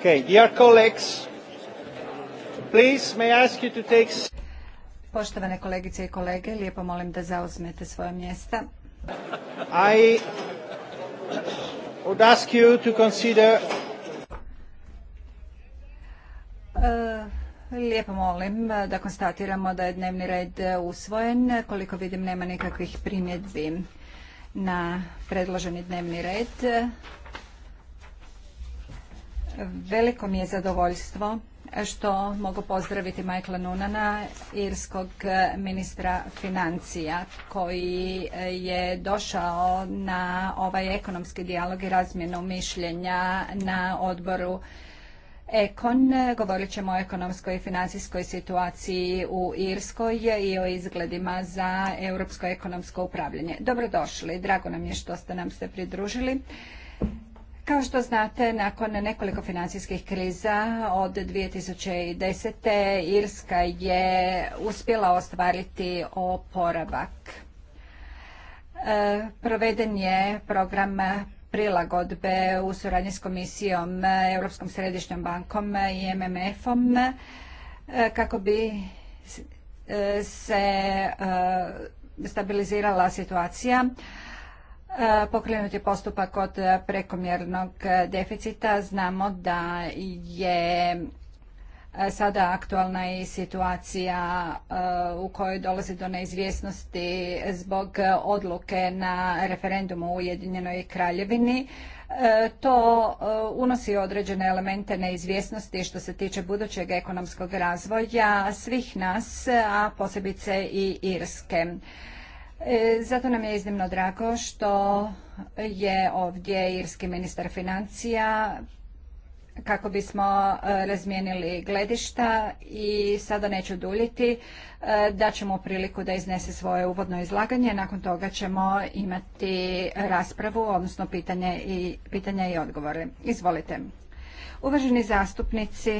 Okay, dear colleagues, please may Poštovane kolegice i kolege, lijepo molim da zauzmete svoje mjesta. I would ask e, Lijepo molim da konstatiramo da je dnevni red usvojen. Koliko vidim nema nikakvih primjedbi na predloženi dnevni red. Veliko mi je zadovoljstvo što mogu pozdraviti Michaela Nunana, irskog ministra financija, koji je došao na ovaj ekonomski dijalog i razmjenu mišljenja na odboru Ekon. Govorit ćemo o ekonomskoj i financijskoj situaciji u Irskoj i o izgledima za europsko ekonomsko upravljanje. Dobrodošli, drago nam je što ste nam se pridružili. Kao što znate, nakon nekoliko financijskih kriza od 2010. Irska je uspjela ostvariti oporavak. E, proveden je program prilagodbe u suradnji s komisijom, Europskom središnjom bankom i MMF-om e, kako bi e, se stabilizirala situacija. E, pokrenuti postupak od prekomjernog deficita. Znamo da je e, sada aktualna i situacija e, u kojoj dolazi do neizvjesnosti zbog odluke na referendumu u Ujedinjenoj kraljevini. To unosi određene elemente neizvjesnosti što se tiče budućeg ekonomskog razvoja svih nas, a posebice i Irske. E, zato nam je iznimno drago što je ovdje irski ministar financija kako bismo e, razmijenili gledišta i sada neću duljiti, e, da ćemo priliku da iznese svoje uvodno izlaganje, nakon toga ćemo imati raspravu, odnosno pitanje i, pitanja i odgovore. Izvolite. Uvaženi zastupnici,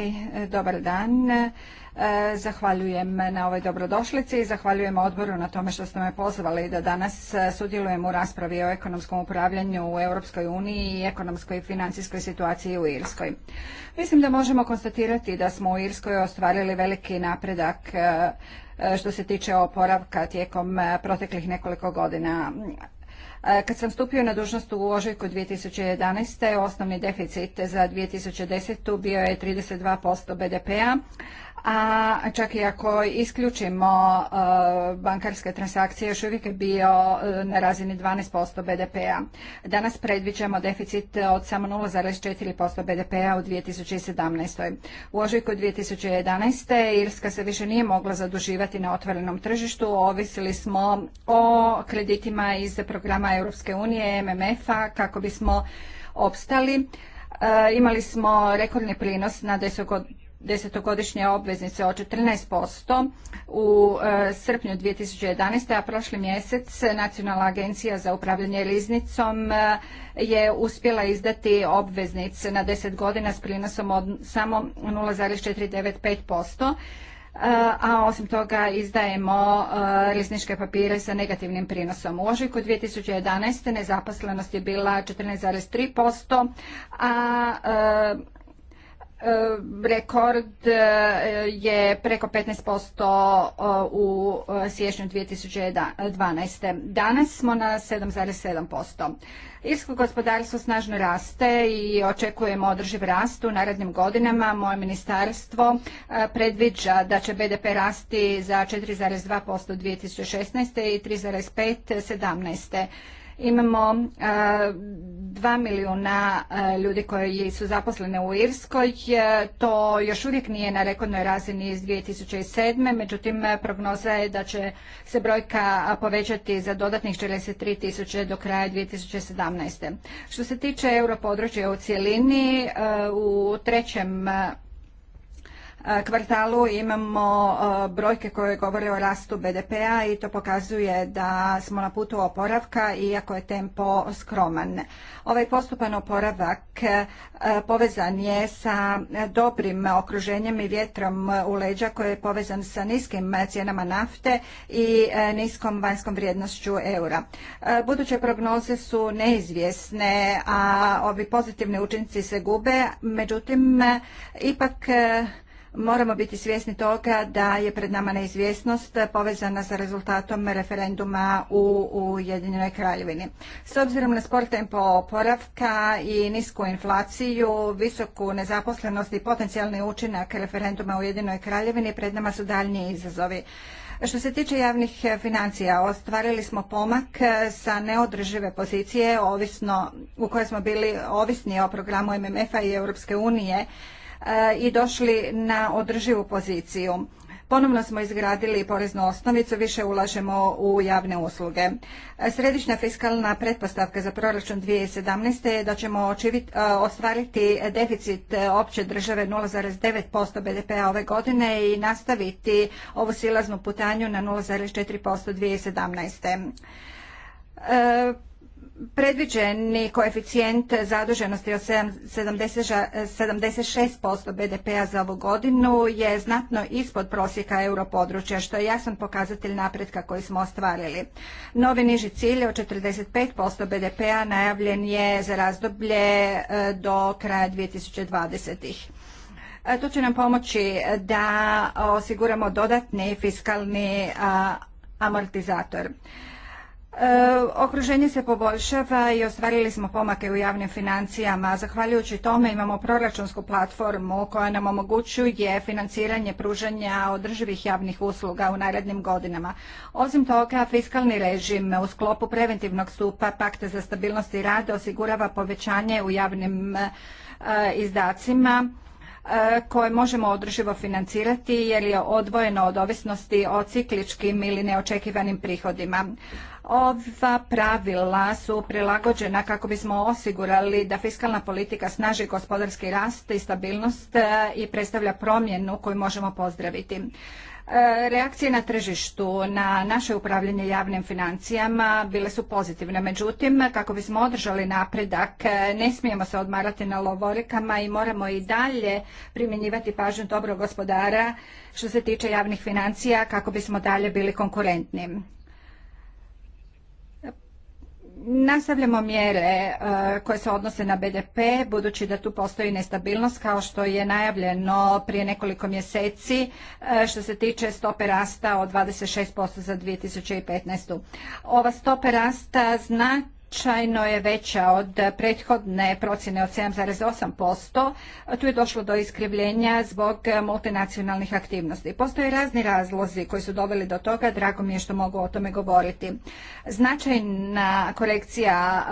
dobar dan. E, zahvaljujem na ovoj dobrodošlici i zahvaljujem odboru na tome što ste me pozvali da danas e, sudjelujem u raspravi o ekonomskom upravljanju u Europskoj uniji i ekonomskoj i financijskoj situaciji u Irskoj. Mislim da možemo konstatirati da smo u Irskoj ostvarili veliki napredak e, što se tiče oporavka tijekom proteklih nekoliko godina. E, kad sam stupio na dužnost u ožujku 2011. osnovni deficit za 2010. bio je 32% BDP-a, a čak i ako isključimo e, bankarske transakcije još uvijek je bio e, na razini 12% BDP-a. Danas predviđamo deficit od samo 0,4% BDP-a u 2017. U ožujku 2011. Irska se više nije mogla zaduživati na otvorenom tržištu, ovisili smo o kreditima iz programa Europske unije, MMF-a kako bismo opstali. E, imali smo rekordni prinos na desetogodišnji desetogodišnje obveznice od 14% u e, srpnju 2011. a prošli mjesec Nacionalna agencija za upravljanje riznicom e, je uspjela izdati obveznice na deset godina s prinosom od samo 0,495% e, a osim toga izdajemo rizničke papire sa negativnim prinosom. U ožujku 2011. nezaposlenost je bila 14,3%, a E, rekord e, je preko 15% e, u siječnju 2012. Danas smo na 7,7%. Irsko gospodarstvo snažno raste i očekujemo održiv rast u narednim godinama. Moje ministarstvo predviđa da će BDP rasti za 4,2% 2016. i 3,5% 2017. Imamo e, dva milijuna e, ljudi koji su zaposlene u Irskoj. E, to još uvijek nije na rekordnoj razini iz 2007. Međutim, prognoza je da će se brojka povećati za dodatnih 43 tisuće do kraja 2017. Što se tiče europodručja u cjelini, u trećem kvartalu imamo e, brojke koje govore o rastu BDP-a i to pokazuje da smo na putu oporavka iako je tempo skroman. Ovaj postupan oporavak e, povezan je sa dobrim okruženjem i vjetrom u leđa koji je povezan sa niskim cijenama nafte i e, niskom vanjskom vrijednošću eura. Buduće prognoze su neizvjesne, a ovi pozitivni učinci se gube, međutim ipak Moramo biti svjesni toga da je pred nama neizvjesnost povezana sa rezultatom referenduma u Ujedinjenoj kraljevini. S obzirom na spor tempo oporavka i nisku inflaciju, visoku nezaposlenost i potencijalni učinak referenduma u Ujedinjenoj kraljevini pred nama su daljnji izazovi. Što se tiče javnih financija, ostvarili smo pomak sa neodržive pozicije ovisno, u kojoj smo bili ovisni o programu MMF-a i Europske unije i došli na održivu poziciju. Ponovno smo izgradili poreznu osnovicu, više ulažemo u javne usluge. Središnja fiskalna pretpostavka za proračun 2017. je da ćemo e, ostvariti deficit e, opće države 0,9% BDP-a ove godine i nastaviti ovu silaznu putanju na 0,4% 2017 predviđeni koeficijent zaduženosti od 76% BDP-a za ovu godinu je znatno ispod prosjeka europodručja, što je jasan pokazatelj napretka koji smo ostvarili. Novi niži cilj od 45% BDP-a najavljen je za razdoblje e, do kraja 2020. E, to će nam pomoći da osiguramo dodatni fiskalni amortizator. E, okruženje se poboljšava i ostvarili smo pomake u javnim financijama. Zahvaljujući tome imamo proračunsku platformu koja nam omogućuje financiranje pružanja održivih javnih usluga u narednim godinama. Osim toga, fiskalni režim u sklopu preventivnog stupa Pakta za stabilnost i rad osigurava povećanje u javnim e, izdacima E, koje možemo održivo financirati jer je odvojeno od ovisnosti o cikličkim ili neočekivanim prihodima. Ova pravila su prilagođena kako bismo osigurali da fiskalna politika snaži gospodarski rast i stabilnost e, i predstavlja promjenu koju možemo pozdraviti. Reakcije na tržištu na naše upravljanje javnim financijama bile su pozitivne. Međutim, kako bismo održali napredak, ne smijemo se odmarati na lovorikama i moramo i dalje primjenjivati pažnju dobrog gospodara što se tiče javnih financija kako bismo dalje bili konkurentni. Nastavljamo mjere e, koje se odnose na BDP, budući da tu postoji nestabilnost kao što je najavljeno prije nekoliko mjeseci e, što se tiče stope rasta od 26% za 2015. Ova stope rasta znači značajno je veća od prethodne procjene od 7,8%. Tu je došlo do iskrivljenja zbog multinacionalnih aktivnosti. Postoje razni razlozi koji su doveli do toga, drago mi je što mogu o tome govoriti. Značajna korekcija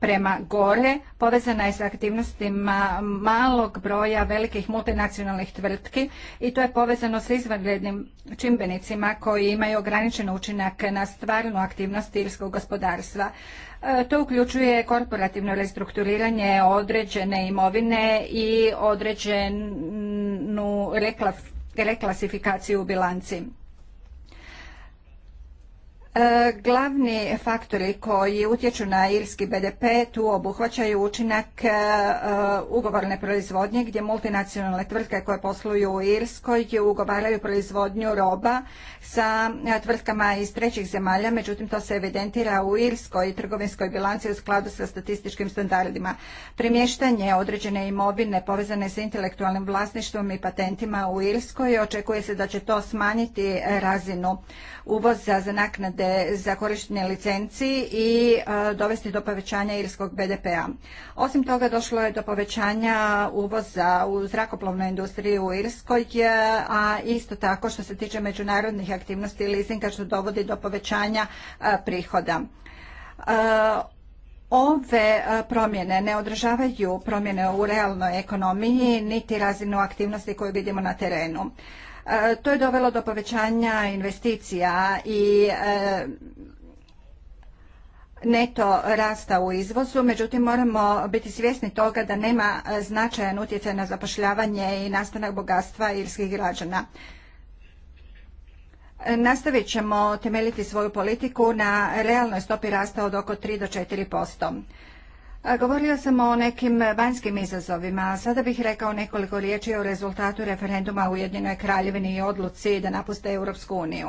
prema gore povezana je sa aktivnostima malog broja velikih multinacionalnih tvrtki i to je povezano sa izvanrednim čimbenicima koji imaju ograničen učinak na stvarnu aktivnost irskog gospodarstva. To uključuje korporativno restrukturiranje određene imovine i određenu reklasifikaciju u bilanci. E, glavni faktori koji utječu na irski BDP tu obuhvaćaju učinak e, e, ugovorne proizvodnje gdje multinacionalne tvrtke koje posluju u Irskoj ugovaraju proizvodnju roba sa tvrtkama iz trećih zemalja, međutim to se evidentira u Irskoj i trgovinskoj bilanci u skladu sa statističkim standardima. Premještanje određene imovine povezane sa intelektualnim vlasništvom i patentima u Irskoj očekuje se da će to smanjiti razinu uvoza za naknade za korištenje licenci i e, dovesti do povećanja irskog BDP-a. Osim toga došlo je do povećanja uvoza u zrakoplovnoj industriji u Irskoj, a isto tako što se tiče međunarodnih aktivnosti leasinga što dovodi do povećanja e, prihoda. E, ove promjene ne održavaju promjene u realnoj ekonomiji niti razinu aktivnosti koju vidimo na terenu. E, to je dovelo do povećanja investicija i e, neto rasta u izvozu, međutim moramo biti svjesni toga da nema značajan utjecaj na zapošljavanje i nastanak bogatstva irskih građana. Nastavit ćemo temeljiti svoju politiku na realnoj stopi rasta od oko 3 do 4%. Govorila sam o nekim vanjskim izazovima, a sada bih rekao nekoliko riječi o rezultatu referenduma u Jedinoj Kraljevini i odluci da napuste Europsku uniju.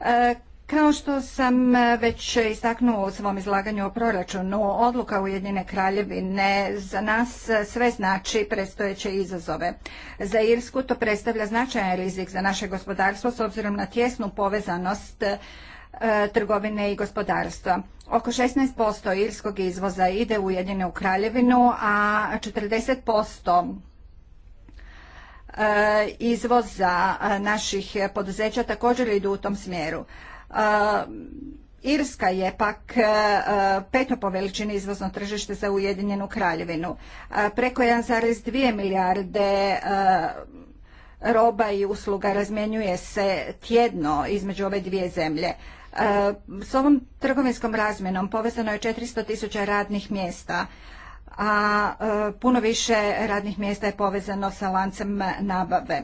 E, kao što sam već istaknuo u svom izlaganju o proračunu, odluka Ujedine kraljevine za nas sve znači predstojeće izazove. Za Irsku to predstavlja značajan rizik za naše gospodarstvo s obzirom na tjesnu povezanost E, trgovine i gospodarstva. Oko 16% irskog izvoza ide u Ujedinjenu kraljevinu, a 40% e, izvoza e, naših poduzeća također idu u tom smjeru. Irska je pak peto po veličini izvozno tržište za Ujedinjenu kraljevinu. Preko 1,2 milijarde roba i usluga razmjenjuje se tjedno između ove dvije zemlje. E, s ovom trgovinskom razmjenom povezano je 400 tisuća radnih mjesta, a e, puno više radnih mjesta je povezano sa lancem nabave.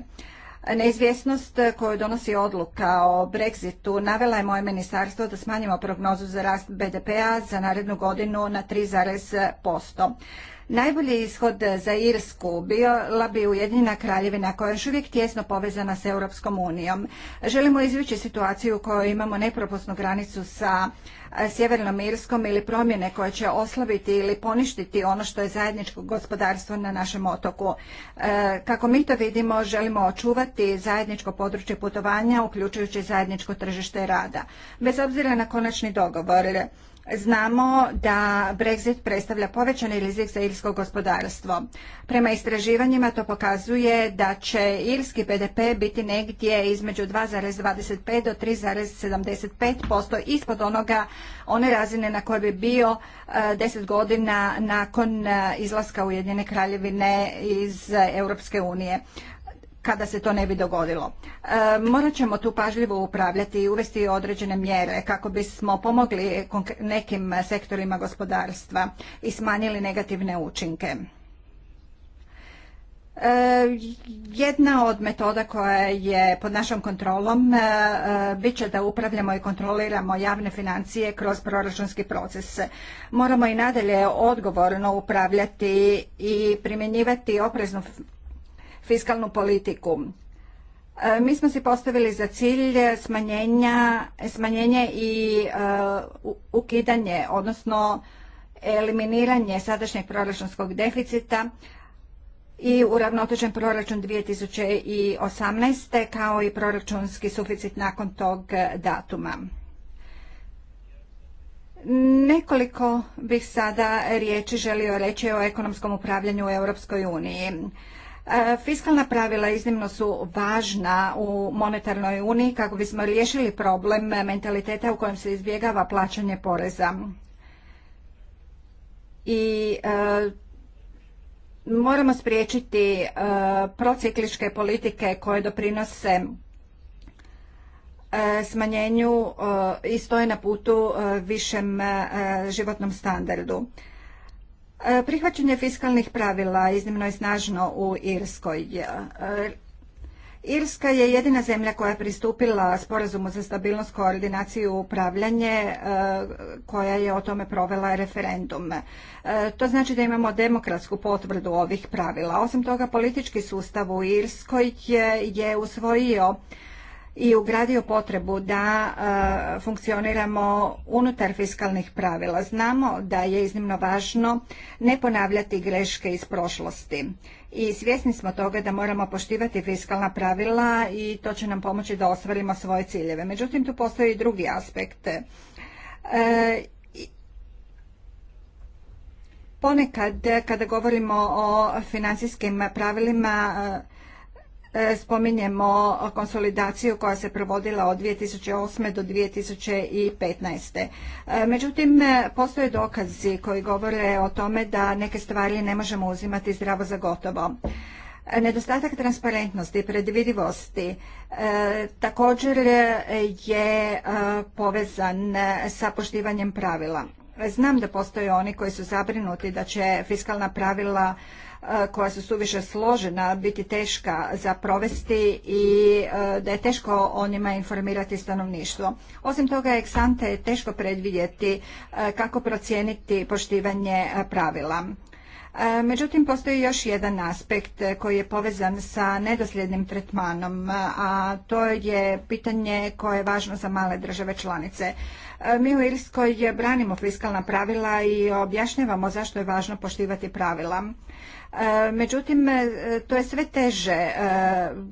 Neizvjesnost koju donosi odluka o Brexitu navela je moje ministarstvo da smanjimo prognozu za rast BDP-a za narednu godinu na 3,5%. Najbolji ishod za Irsku bila bi Ujedinjena kraljevina koja je još uvijek tjesno povezana s Europskom unijom. Želimo izvući situaciju u kojoj imamo neproposnu granicu sa e, Sjevernom Irskom ili promjene koje će oslabiti ili poništiti ono što je zajedničko gospodarstvo na našem otoku. E, kako mi to vidimo, želimo očuvati zajedničko područje putovanja, uključujući zajedničko tržište rada. Bez obzira na konačni dogovor, Znamo da Brexit predstavlja povećani rizik za irsko gospodarstvo. Prema istraživanjima to pokazuje da će irski BDP biti negdje između 2,25 do 3,75% ispod onoga one razine na kojoj bi bio 10 e, godina nakon e, izlaska Ujedinjene kraljevine iz Europske unije kada se to ne bi dogodilo. E, morat ćemo tu pažljivo upravljati i uvesti određene mjere kako bismo pomogli nekim sektorima gospodarstva i smanjili negativne učinke. E, jedna od metoda koja je pod našom kontrolom e, bit će da upravljamo i kontroliramo javne financije kroz proračunski proces. Moramo i nadalje odgovorno upravljati i primjenjivati opreznu fiskalnu politiku. E, mi smo si postavili za cilj smanjenja, smanjenje i e, ukidanje, odnosno eliminiranje sadašnjeg proračunskog deficita i uravnotežen proračun 2018. kao i proračunski suficit nakon tog datuma. Nekoliko bih sada riječi želio reći o ekonomskom upravljanju u Europskoj uniji. E, fiskalna pravila iznimno su važna u monetarnoj uniji kako bismo riješili problem mentaliteta u kojem se izbjegava plaćanje poreza. I e, moramo spriječiti e, procikličke politike koje doprinose smanjenju i stoje na putu višem životnom standardu. E, prihvaćanje fiskalnih pravila iznimno je snažno u Irskoj. E, Irska je jedina zemlja koja je pristupila sporazumu za stabilnost, koordinaciju i upravljanje e, koja je o tome provela referendum. To znači da imamo demokratsku potvrdu ovih pravila. Osim toga, politički sustav u Irskoj je usvojio i ugradio potrebu da e, funkcioniramo unutar fiskalnih pravila. Znamo da je iznimno važno ne ponavljati greške iz prošlosti i svjesni smo toga da moramo poštivati fiskalna pravila i to će nam pomoći da ostvarimo svoje ciljeve. Međutim, tu postoji i drugi aspekt. E, ponekad kada govorimo o financijskim pravilima E, spominjemo konsolidaciju koja se provodila od 2008. do 2015. E, međutim, postoje dokazi koji govore o tome da neke stvari ne možemo uzimati zdravo za gotovo. E, nedostatak transparentnosti i predvidivosti također je povezan sa poštivanjem pravila. Znam da postoje oni koji su zabrinuti da će fiskalna pravila koja su suviše složena biti teška za provesti i e, da je teško o njima informirati stanovništvo. Osim toga, eksante je teško predvidjeti e, kako procijeniti poštivanje e, pravila. Međutim, postoji još jedan aspekt koji je povezan sa nedosljednim tretmanom, a to je pitanje koje je važno za male države članice. Mi u Irskoj branimo fiskalna pravila i objašnjavamo zašto je važno poštivati pravila. Međutim, e, to je sve teže e,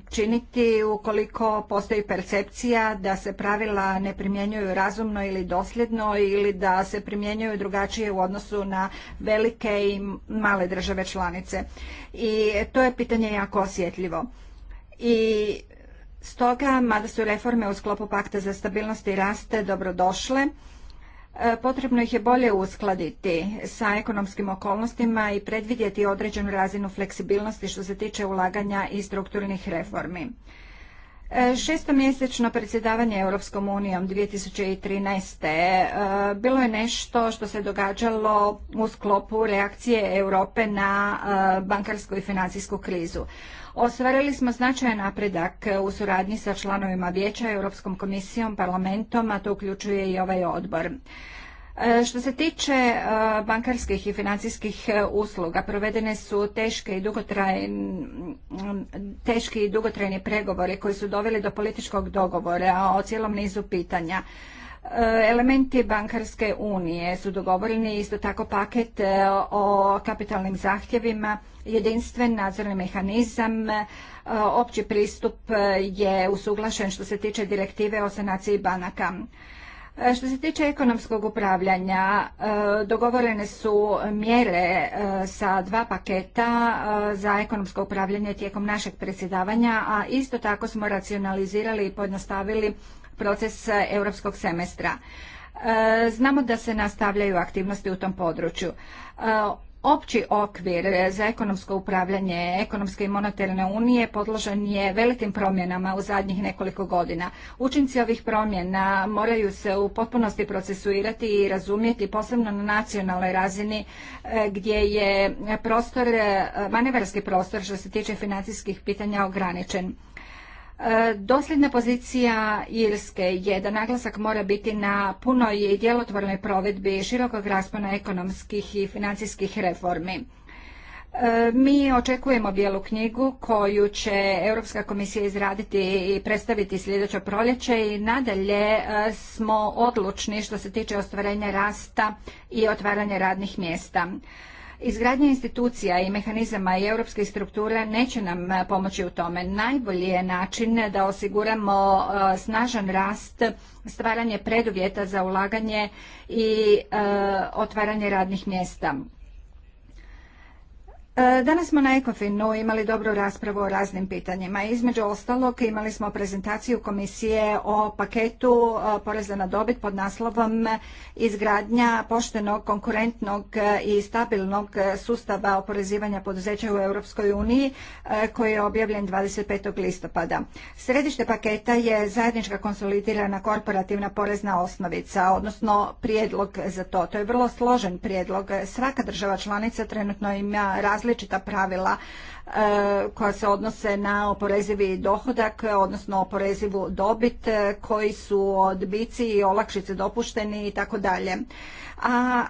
činiti ukoliko postoji percepcija da se pravila ne primjenjuju razumno ili dosljedno ili da se primjenjuju drugačije u odnosu na velike i male države članice. I to je pitanje jako osjetljivo. I stoga, mada su reforme u sklopu pakta za stabilnost i raste dobrodošle, E, potrebno ih je bolje uskladiti sa ekonomskim okolnostima i predvidjeti određenu razinu fleksibilnosti što se tiče ulaganja i strukturnih reformi. E, šestomjesečno predsjedavanje Europskom unijom 2013. E, bilo je nešto što se događalo u sklopu reakcije Europe na e, bankarsku i financijsku krizu. Ostvarili smo značajan napredak u suradnji sa članovima Vijeća, Europskom komisijom, parlamentom, a to uključuje i ovaj odbor. E, što se tiče e, bankarskih i financijskih e, usluga, provedene su teške i dugotrajne, teški i dugotrajni pregovori koji su doveli do političkog dogovora o cijelom nizu pitanja. Elementi bankarske unije su dogovoreni, isto tako paket o kapitalnim zahtjevima, jedinstven nadzorni mehanizam, opći pristup je usuglašen što se tiče direktive o sanaciji banaka. E, što se tiče ekonomskog upravljanja, e, dogovorene su mjere e, sa dva paketa za ekonomsko upravljanje tijekom našeg predsjedavanja, a isto tako smo racionalizirali i pojednostavili proces europskog semestra. Znamo da se nastavljaju aktivnosti u tom području. Opći okvir za ekonomsko upravljanje ekonomske i monetarne unije podložen je velikim promjenama u zadnjih nekoliko godina. Učinci ovih promjena moraju se u potpunosti procesuirati i razumjeti posebno na nacionalnoj razini e, gdje je prostor, e, manevarski prostor što se tiče financijskih pitanja ograničen. E, dosljedna pozicija Irske je da naglasak mora biti na punoj i djelotvornoj provedbi širokog raspona ekonomskih i financijskih reformi. E, mi očekujemo bijelu knjigu koju će Europska komisija izraditi i predstaviti sljedeće proljeće i nadalje e, smo odlučni što se tiče ostvarenja rasta i otvaranja radnih mjesta. Izgradnja institucija i mehanizama i europske strukture neće nam e, pomoći u tome. Najbolji je način da osiguramo e, snažan rast, stvaranje preduvjeta za ulaganje i e, otvaranje radnih mjesta. E, danas smo na Ekofinu imali dobru raspravu o raznim pitanjima. Između ostalog imali smo prezentaciju komisije o paketu e, poreza na dobit pod naslovom izgradnja poštenog, konkurentnog e, i stabilnog sustava oporezivanja poduzeća u Europskoj uniji koji je objavljen 25. listopada. Središte paketa je zajednička konsolidirana korporativna porezna osnovica, odnosno prijedlog za to. To je vrlo složen prijedlog. Svaka država članica trenutno ima različite različita pravila e, koja se odnose na oporezivi dohodak, odnosno oporezivu dobit, e, koji su odbici i olakšice dopušteni i tako dalje a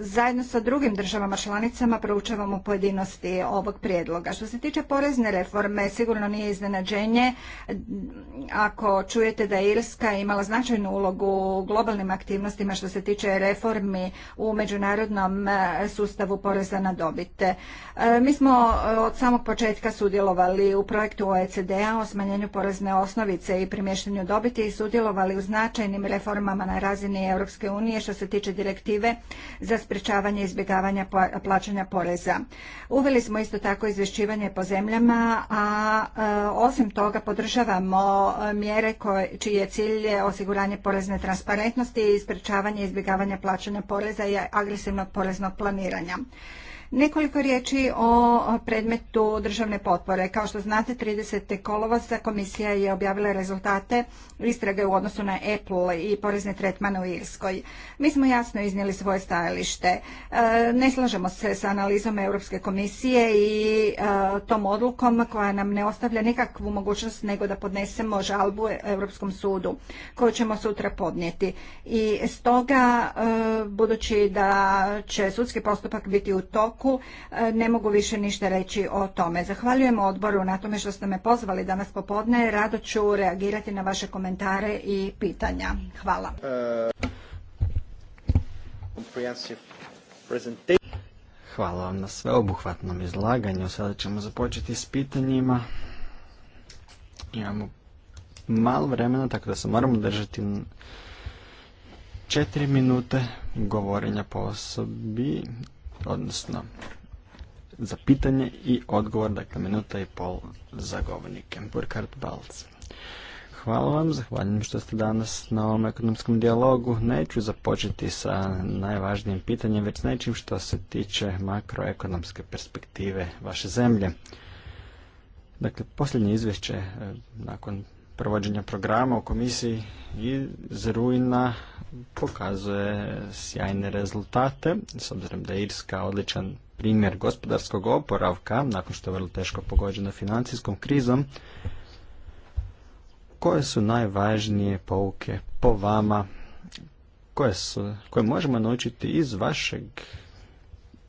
zajedno sa drugim državama članicama proučavamo pojedinosti ovog prijedloga. Što se tiče porezne reforme, sigurno nije iznenađenje ako čujete da je Irska imala značajnu ulogu u globalnim aktivnostima što se tiče reformi u međunarodnom e, sustavu poreza na dobite. Mi smo e, od samog početka sudjelovali u projektu OECD-a o smanjenju porezne osnovice i primještenju dobiti i sudjelovali u značajnim reformama na razini Europske unije što se tiče direktive direktive za sprečavanje izbjegavanja plaćanja poreza. Uveli smo isto tako izvješćivanje po zemljama, a e, osim toga podržavamo e, mjere koje, čiji je cilj osiguranje porezne transparentnosti i sprečavanje izbjegavanja plaćanja poreza i agresivnog poreznog planiranja. Nekoliko riječi o predmetu državne potpore. Kao što znate, 30. kolovoza komisija je objavila rezultate istrage u odnosu na Apple i porezne tretmane u Irskoj. Mi smo jasno iznijeli svoje stajalište. E, ne slažemo se sa analizom Europske komisije i e, tom odlukom koja nam ne ostavlja nikakvu mogućnost nego da podnesemo žalbu Europskom sudu koju ćemo sutra podnijeti. I stoga, e, budući da će sudski postupak biti u toku, roku. E, ne mogu više ništa reći o tome. Zahvaljujem odboru na tome što ste me pozvali danas popodne. Rado ću reagirati na vaše komentare i pitanja. Hvala. Hvala vam na sveobuhvatnom izlaganju. Sada ćemo započeti s pitanjima. Imamo malo vremena, tako da se moramo držati četiri minute govorenja po osobi odnosno za pitanje i odgovor, dakle minuta i pol za govornike. Burkhard Balc. Hvala vam, zahvaljujem što ste danas na ovom ekonomskom dijalogu. Neću započeti sa najvažnijim pitanjem, već s nečim što se tiče makroekonomske perspektive vaše zemlje. Dakle, posljednje izvješće eh, nakon provođenja programa u komisiji iz rujna pokazuje sjajne rezultate, s obzirom da je Irska odličan primjer gospodarskog oporavka, nakon što je vrlo teško pogođena financijskom krizom, koje su najvažnije pouke po vama, koje, su, koje možemo naučiti iz vašeg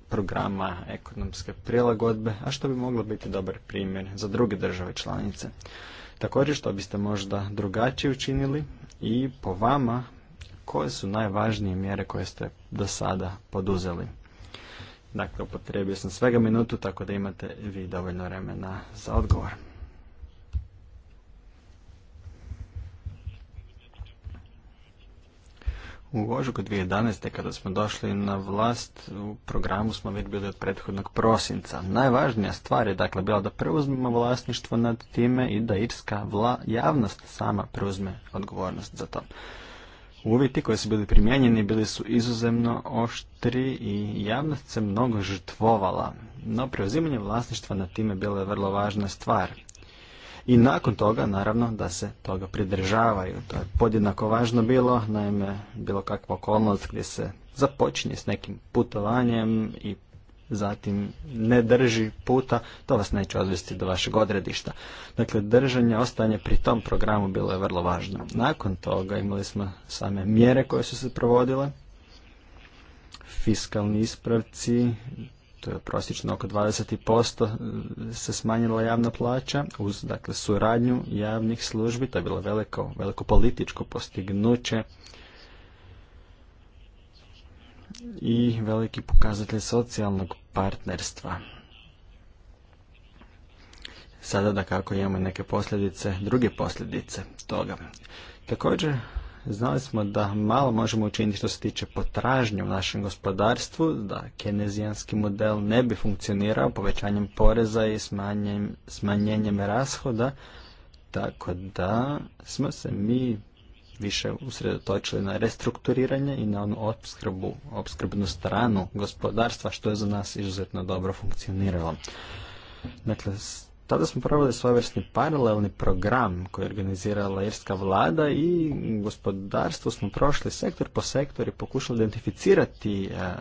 programa ekonomske prilagodbe, a što bi moglo biti dobar primjer za druge države članice. Također što biste možda drugačije učinili i po vama koje su najvažnije mjere koje ste do sada poduzeli. Dakle, upotrijebio sam svega minutu, tako da imate vi dovoljno vremena za odgovor. U ožugu 2011. kada smo došli na vlast, u programu smo već bili od prethodnog prosinca. Najvažnija stvar je dakle bila da preuzmemo vlasništvo nad time i da irska javnost sama preuzme odgovornost za to. Uvjeti koji su bili primijenjeni bili su izuzemno oštri i javnost se mnogo žrtvovala, no preuzimanje vlasništva nad time bila je vrlo važna stvar i nakon toga naravno da se toga pridržavaju. To je podjednako važno bilo, naime bilo kakva okolnost gdje se započinje s nekim putovanjem i zatim ne drži puta, to vas neće odvesti do vašeg odredišta. Dakle, držanje, ostanje pri tom programu bilo je vrlo važno. Nakon toga imali smo same mjere koje su se provodile, fiskalni ispravci, to je prosječno oko 20% se smanjila javna plaća uz dakle, suradnju javnih službi, to je bilo veliko, veliko političko postignuće i veliki pokazatelj socijalnog partnerstva. Sada da kako imamo neke posljedice, druge posljedice toga. Također znali smo da malo možemo učiniti što se tiče potražnje u našem gospodarstvu, da kenezijanski model ne bi funkcionirao povećanjem poreza i smanjenjem, smanjenjem rashoda, tako da smo se mi više usredotočili na restrukturiranje i na onu opskrbu, opskrbnu stranu gospodarstva, što je za nas izuzetno dobro funkcioniralo. Dakle, tada smo proveli svojevrsni paralelni program koji je organizirala irska vlada i gospodarstvo smo prošli sektor po sektor i pokušali identificirati eh,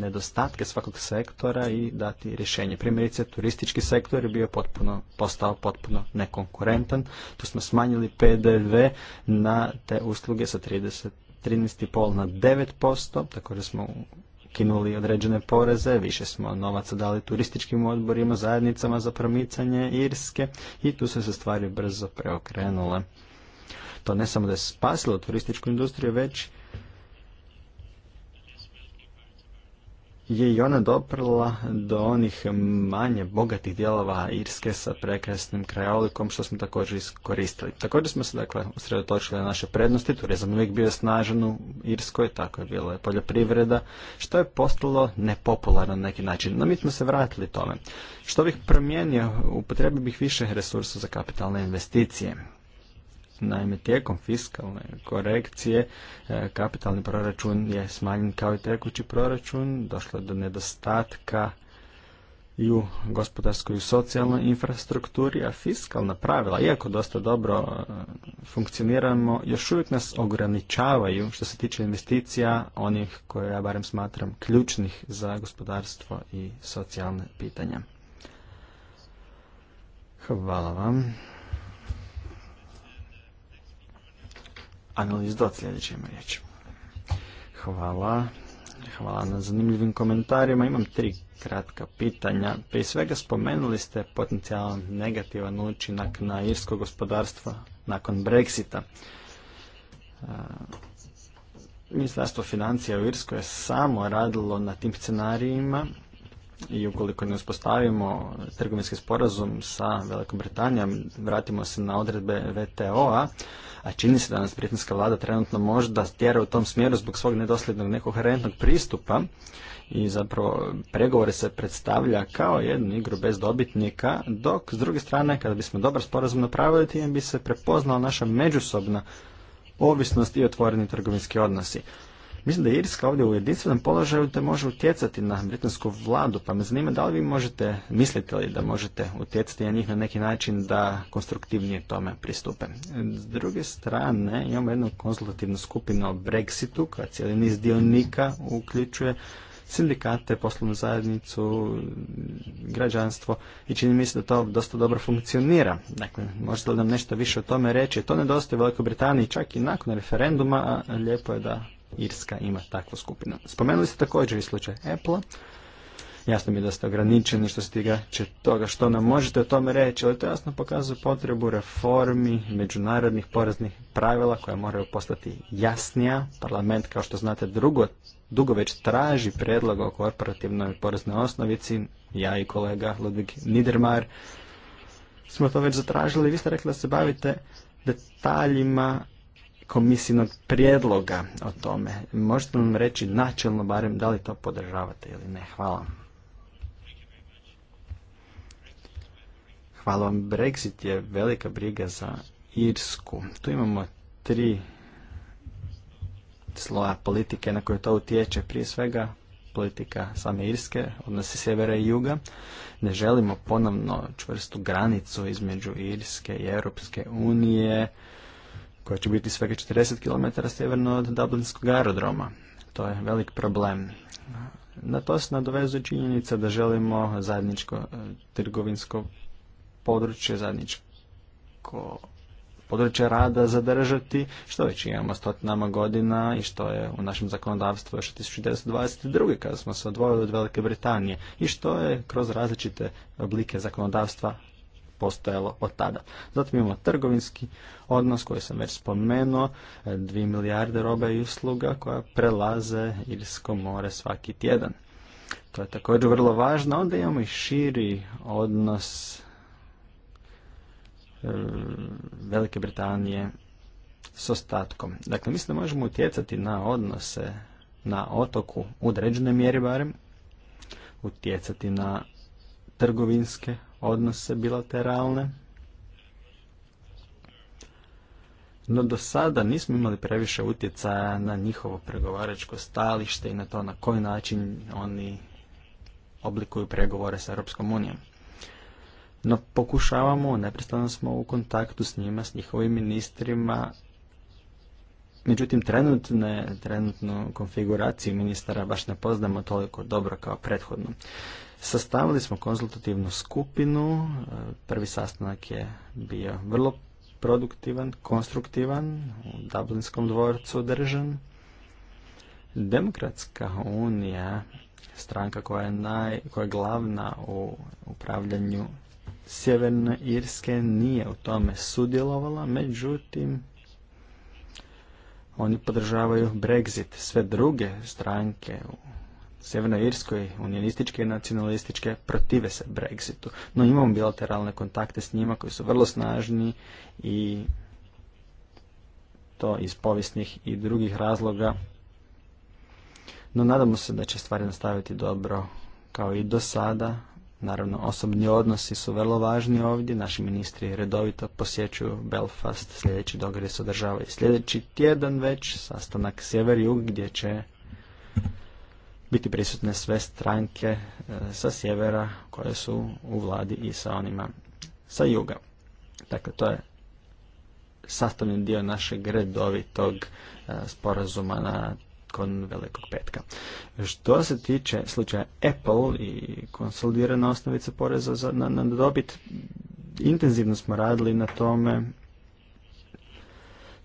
nedostatke svakog sektora i dati rješenje. Primjerice, turistički sektor je bio potpuno, postao potpuno nekonkurentan. Tu smo smanjili PDV na te usluge sa 30 13,5 na 9%, također smo ukinuli određene poreze, više smo novaca dali turističkim odborima, zajednicama za promicanje Irske i tu su se stvari brzo preokrenule. To ne samo da je spasilo turističku industriju, već je i ona doprla do onih manje bogatih dijelova Irske sa prekrasnim krajolikom što smo također iskoristili. Također smo se dakle usredotočili na naše prednosti, turizam uvijek bio snažan u Irskoj, tako je bila je poljoprivreda, što je postalo nepopularno na neki način. No mi smo se vratili tome. Što bih promijenio, upotrebi bih više resursa za kapitalne investicije. Naime, tijekom fiskalne korekcije e, kapitalni proračun je smanjen kao i tekući proračun, došlo je do nedostatka i u gospodarskoj i u socijalnoj infrastrukturi, a fiskalna pravila, iako dosta dobro e, funkcioniramo, još uvijek nas ograničavaju što se tiče investicija, onih koje ja barem smatram ključnih za gospodarstvo i socijalne pitanja. Hvala vam. Analiz sljedećim riječima Hvala. Hvala na zanimljivim komentarima. Imam tri kratka pitanja. Prije svega spomenuli ste potencijalno negativan učinak na irsko gospodarstvo nakon Brexita. E, Ministarstvo financija u Irskoj je samo radilo na tim scenarijima i ukoliko ne uspostavimo trgovinski sporazum sa Velikom Britanijom, vratimo se na odredbe VTO-a, a čini se da nas britanska vlada trenutno možda stjera u tom smjeru zbog svog nedosljednog nekoherentnog pristupa i zapravo pregovore se predstavlja kao jednu igru bez dobitnika, dok s druge strane kada bismo dobar sporazum napravili time bi se prepoznala naša međusobna ovisnost i otvoreni trgovinski odnosi. Mislim da je Irska ovdje u jedinstvenom položaju te može utjecati na britansku vladu, pa me zanima da li vi možete, mislite li da možete utjecati na njih na neki način da konstruktivnije tome pristupe. S druge strane, imamo jednu konzultativnu skupinu o Brexitu, koja cijeli niz dionika uključuje sindikate, poslovnu zajednicu, građanstvo i čini mi se da to dosta dobro funkcionira. Dakle, možete li nam nešto više o tome reći? To nedostaje u Velikoj Britaniji čak i nakon referenduma, a lijepo je da Irska ima takvu skupinu. Spomenuli ste također i slučaj Apple-a. Jasno mi je da ste ograničeni što se tiče toga što nam možete o tome reći, ali to jasno pokazuje potrebu reformi međunarodnih poreznih pravila koja moraju postati jasnija. Parlament, kao što znate, dugo već traži predlog o korporativnoj poreznoj osnovici. Ja i kolega Ludvig Niedermar smo to već zatražili. Vi ste rekli da se bavite detaljima komisijnog prijedloga o tome. Možete nam reći načelno barem da li to podržavate ili ne. Hvala. Hvala vam. Brexit je velika briga za Irsku. Tu imamo tri sloja politike na koje to utječe. Prije svega politika same Irske, odnosi sjevera i juga. Ne želimo ponovno čvrstu granicu između Irske i Europske unije koja će biti svega 40 km sjeverno od Dublinskog aerodroma. To je velik problem. Na to se nadovezuje činjenica da želimo zajedničko e, trgovinsko područje, zajedničko područje rada zadržati, što već imamo stotinama godina i što je u našem zakonodavstvu još 1922. kada smo se odvojili od Velike Britanije i što je kroz različite oblike zakonodavstva postojalo od tada. Zatim imamo trgovinski odnos koji sam već spomenuo, 2 e, milijarde roba i usluga koja prelaze Irsko more svaki tjedan. To je također vrlo važno. Onda imamo i širi odnos e, Velike Britanije s ostatkom. Dakle, mislim da možemo utjecati na odnose na otoku u određenoj mjeri barem, utjecati na trgovinske odnose bilateralne. No do sada nismo imali previše utjecaja na njihovo pregovaračko stalište i na to na koji način oni oblikuju pregovore sa Europskom unijom. No pokušavamo, neprestano smo u kontaktu s njima, s njihovim ministrima, međutim trenutne, trenutnu konfiguraciju ministara baš ne poznamo toliko dobro kao prethodno. Sastavili smo konzultativnu skupinu, e, prvi sastanak je bio vrlo produktivan, konstruktivan, u Dublinskom dvorcu održan. Demokratska unija, stranka koja je, naj, koja je glavna u upravljanju Sjeverne Irske, nije u tome sudjelovala, međutim, oni podržavaju Brexit. Sve druge stranke u Sjevernoj unionističke i nacionalističke, protive se Brexitu. No imamo bilateralne kontakte s njima koji su vrlo snažni i to iz povijesnih i drugih razloga. No nadamo se da će stvari nastaviti dobro kao i do sada. Naravno, osobni odnosi su vrlo važni ovdje. Naši ministri redovito posjećuju Belfast. Sljedeći događaj se održava i sljedeći tjedan već, sastanak sjever-jug, gdje će biti prisutne sve stranke e, sa sjevera koje su u vladi i sa onima sa juga. Dakle, to je sastavni dio našeg redovitog e, sporazuma na kon velikog petka. Što se tiče slučaja Apple i konsolidirana osnovica poreza za, na, na dobit, intenzivno smo radili na tome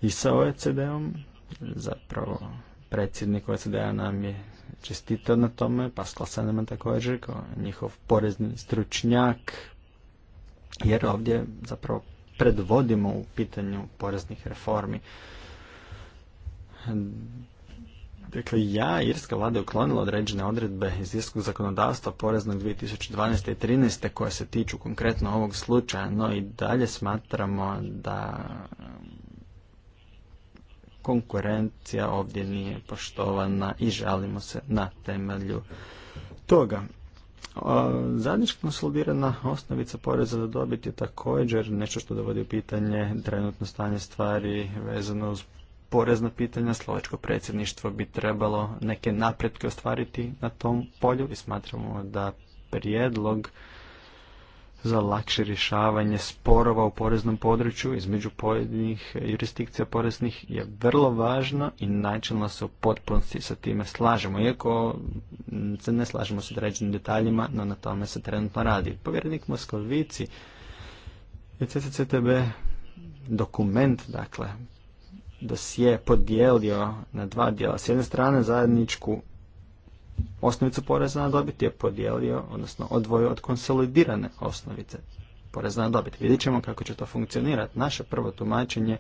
i sa OECD-om, zapravo predsjednik OECD-a nam je čestitao na tome, Pascal Saneman također, kao njihov porezni stručnjak, jer ovdje zapravo predvodimo u pitanju poreznih reformi. Dakle, ja, Irska vlada je uklonila određene odredbe iz irskog zakonodavstva poreznog 2012. i 2013. koje se tiču konkretno ovog slučaja, no i dalje smatramo da konkurencija ovdje nije poštovana i žalimo se na temelju toga. Zadnjička konsolidirana osnovica poreza da dobiti je također nešto što dovodi u pitanje trenutno stanje stvari vezano uz porezna pitanja. Slovačko predsjedništvo bi trebalo neke napretke ostvariti na tom polju i smatramo da prijedlog za lakše rješavanje sporova u poreznom području između pojedinih jurisdikcija poreznih je vrlo važno i načelno se u potpunosti sa time slažemo, iako se ne slažemo s određenim detaljima, no na tome se trenutno radi. Povjerenik Moskovici je CCCTB dokument, dakle, je podijelio na dva dijela. S jedne strane zajedničku osnovicu poreza na dobit je podijelio, odnosno odvojio od konsolidirane osnovice poreza na dobit. Vidjet ćemo kako će to funkcionirati. Naše prvo tumačenje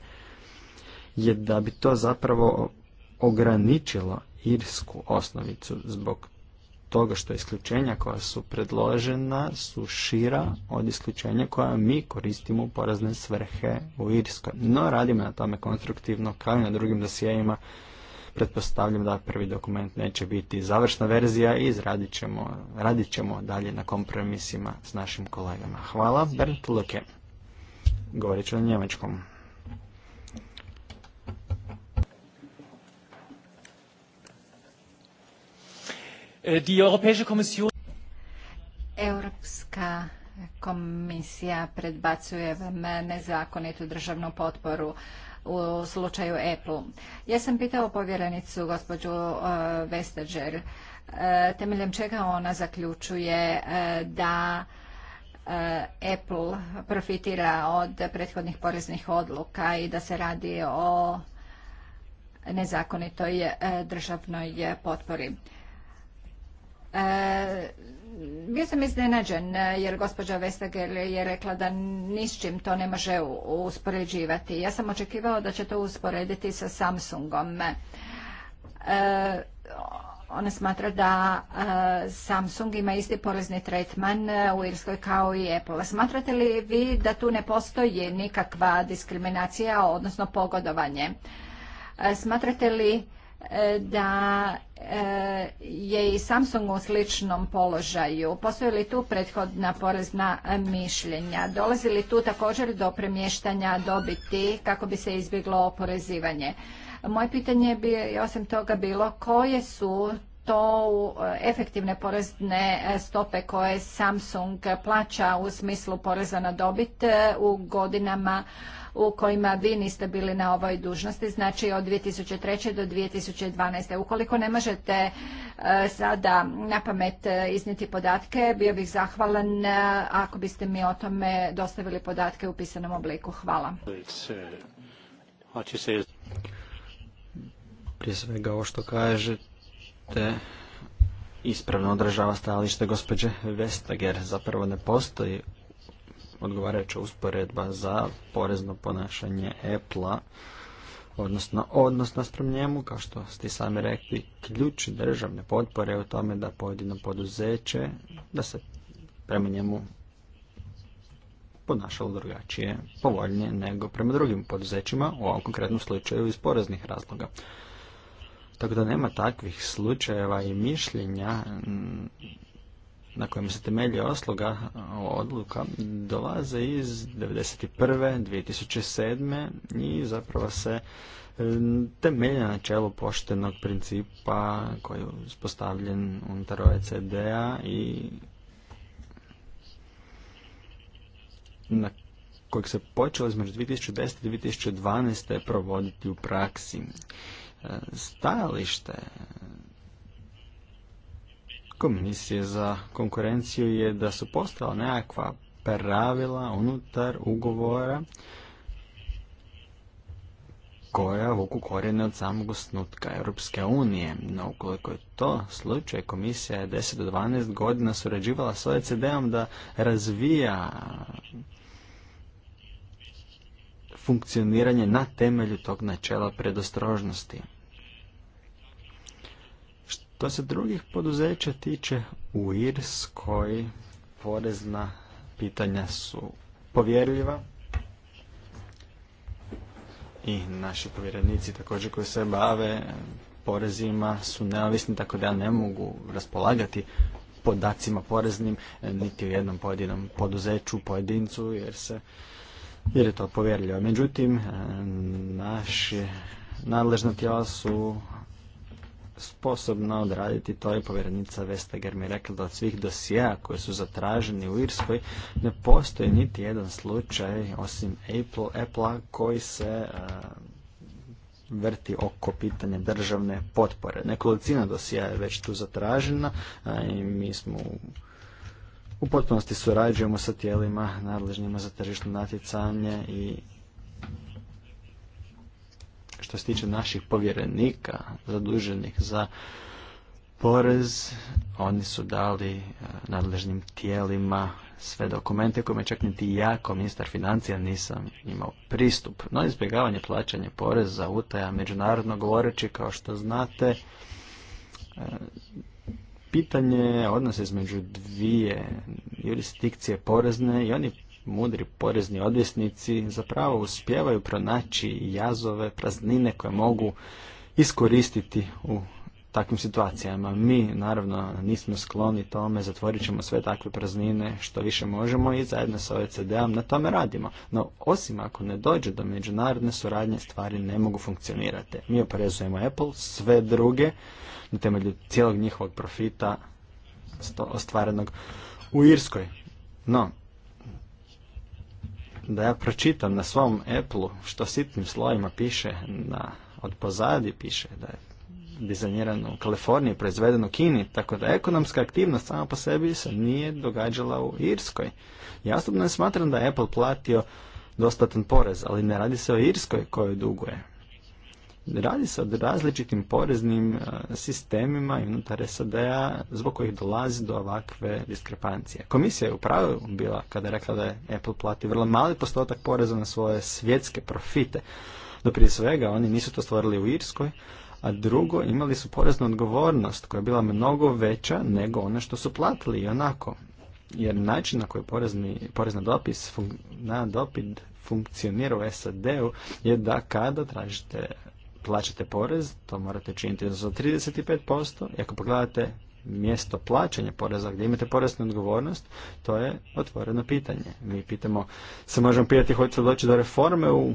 je da bi to zapravo ograničilo irsku osnovicu zbog toga što isključenja koja su predložena su šira od isključenja koja mi koristimo u porazne svrhe u Irskoj. No radimo na tome konstruktivno kao i na drugim dosijajima Pretpostavljam da prvi dokument neće biti završna verzija i ćemo, radit ćemo dalje na kompromisima s našim kolegama. Hvala, Bernd Luke. Govorit ću na njemačkom. E, Europska komisija predbacuje vam nezakonitu državnu potporu u slučaju Apple. Ja sam pitao povjerenicu gospođu e, Vestager e, temeljem čega ona zaključuje e, da Apple profitira od prethodnih poreznih odluka i da se radi o nezakonitoj državnoj potpori bio sam iznenađen jer gospođa Vestager je rekla da ni s čim to ne može uspoređivati. Ja sam očekivao da će to usporediti sa Samsungom. E, ona smatra da e, Samsung ima isti porezni tretman e, u Irskoj kao i Apple. Smatrate li vi da tu ne postoji nikakva diskriminacija, odnosno pogodovanje? Smatrate li E, da e, je i Samsung u sličnom položaju. Postoje li tu prethodna porezna mišljenja? Dolazi li tu također do premještanja dobiti kako bi se izbjeglo oporezivanje? Moje pitanje bi osim toga bilo koje su to e, efektivne porezne stope koje Samsung plaća u smislu poreza na dobit u godinama u kojima vi niste bili na ovoj dužnosti, znači od 2003. do 2012. Ukoliko ne možete e, sada na pamet e, izniti podatke, bio bih zahvalan e, ako biste mi o tome dostavili podatke u pisanom obliku. Hvala. Prije svega ovo što kažete ispravno odražava stajalište gospođe Vestager. Zapravo ne postoji odgovarajuća usporedba za porezno ponašanje Apple-a, odnosno odnos naspram njemu, kao što ste sami rekli, ključ državne potpore u tome da pojedino poduzeće, da se prema njemu ponašalo drugačije, povoljnije nego prema drugim poduzećima, u ovom konkretnom slučaju iz poreznih razloga. Tako da nema takvih slučajeva i mišljenja na kojem se temelji osloga odluka dolaze iz 1991. 2007. i zapravo se e, temelja na načelu poštenog principa koji je uspostavljen unutar OECD-a i na kojeg se počelo između 2010. i 2012. provoditi u praksi. E, stajalište Komisije za konkurenciju je da su postala nekakva pravila unutar ugovora koja vuku korijene od samog osnutka Europske unije. No, ukoliko je to slučaj, komisija je 10 do 12 godina surađivala s OECD-om da razvija funkcioniranje na temelju tog načela predostrožnosti. Što se drugih poduzeća tiče, u Irskoj porezna pitanja su povjerljiva i naši povjerenici također koji se bave porezima su neovisni, tako da ja ne mogu raspolagati podacima poreznim e, niti u jednom pojedinom poduzeću, pojedincu, jer se jer je to povjerljivo. Međutim, e, naši nadležna tijela su sposobna odraditi to je povjerenica Vestager mi rekla da od svih dosija koji su zatraženi u Irskoj ne postoji niti jedan slučaj osim Apple, Apple koji se eh, vrti oko pitanja državne potpore. Nekolicina dosija je već tu zatražena eh, i mi smo u, u potpunosti surađujemo sa tijelima nadležnima za tržišno natjecanje i što se tiče naših povjerenika zaduženih za porez, oni su dali e, nadležnim tijelima sve dokumente kome čak niti ja kao ministar financija nisam imao pristup. No izbjegavanje plaćanja poreza, utaja, međunarodno govoreći kao što znate, e, pitanje odnosa između dvije jurisdikcije porezne i oni mudri porezni odvjesnici zapravo uspjevaju pronaći jazove, praznine koje mogu iskoristiti u takvim situacijama. Mi, naravno, nismo skloni tome, zatvorit ćemo sve takve praznine što više možemo i zajedno sa OECD-om na tome radimo. No, osim ako ne dođe do međunarodne suradnje, stvari ne mogu funkcionirati. Mi oporezujemo Apple, sve druge, na temelju cijelog njihovog profita ostvarenog u Irskoj. No, da ja pročitam na svom Apple-u što sitnim slojima piše, na, od pozadi piše da je dizajnirano u Kaliforniji, proizvedeno u Kini, tako da ekonomska aktivnost sama po sebi se nije događala u Irskoj. Ja osobno ne smatram da je Apple platio dostatan porez, ali ne radi se o Irskoj koju duguje. Radi se o različitim poreznim e, sistemima i unutar SAD-a zbog kojih dolazi do ovakve diskrepancije. Komisija je u bila kada je rekla da je Apple plati vrlo mali postotak poreza na svoje svjetske profite. do prije svega oni nisu to stvorili u Irskoj, a drugo imali su poreznu odgovornost koja je bila mnogo veća nego ono što su platili i onako. Jer način na koji porezni, porezna dopis, na dopid funkcionira u SAD-u je da kada tražite plaćate porez, to morate činiti za 35%. I ako pogledate mjesto plaćanja poreza, gdje imate poreznu odgovornost, to je otvoreno pitanje. Mi pitamo, se možemo pitati hoće li doći do reforme u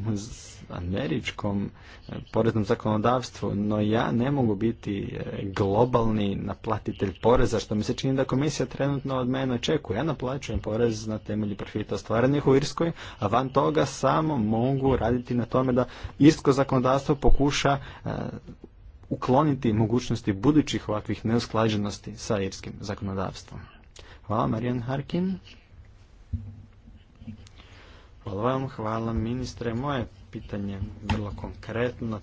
američkom e, poreznom zakonodavstvu, no ja ne mogu biti e, globalni naplatitelj poreza, što mi se čini da komisija trenutno od mene očekuje. Ja naplaćujem porez na temelju profita ostvarenih u Irskoj, a van toga samo mogu raditi na tome da irsko zakonodavstvo pokuša e, ukloniti mogućnosti budućih ovakvih neusklađenosti sa irskim zakonodavstvom. Hvala Marijan Harkin. Hvala vam, hvala ministre. Moje pitanje vrlo konkretno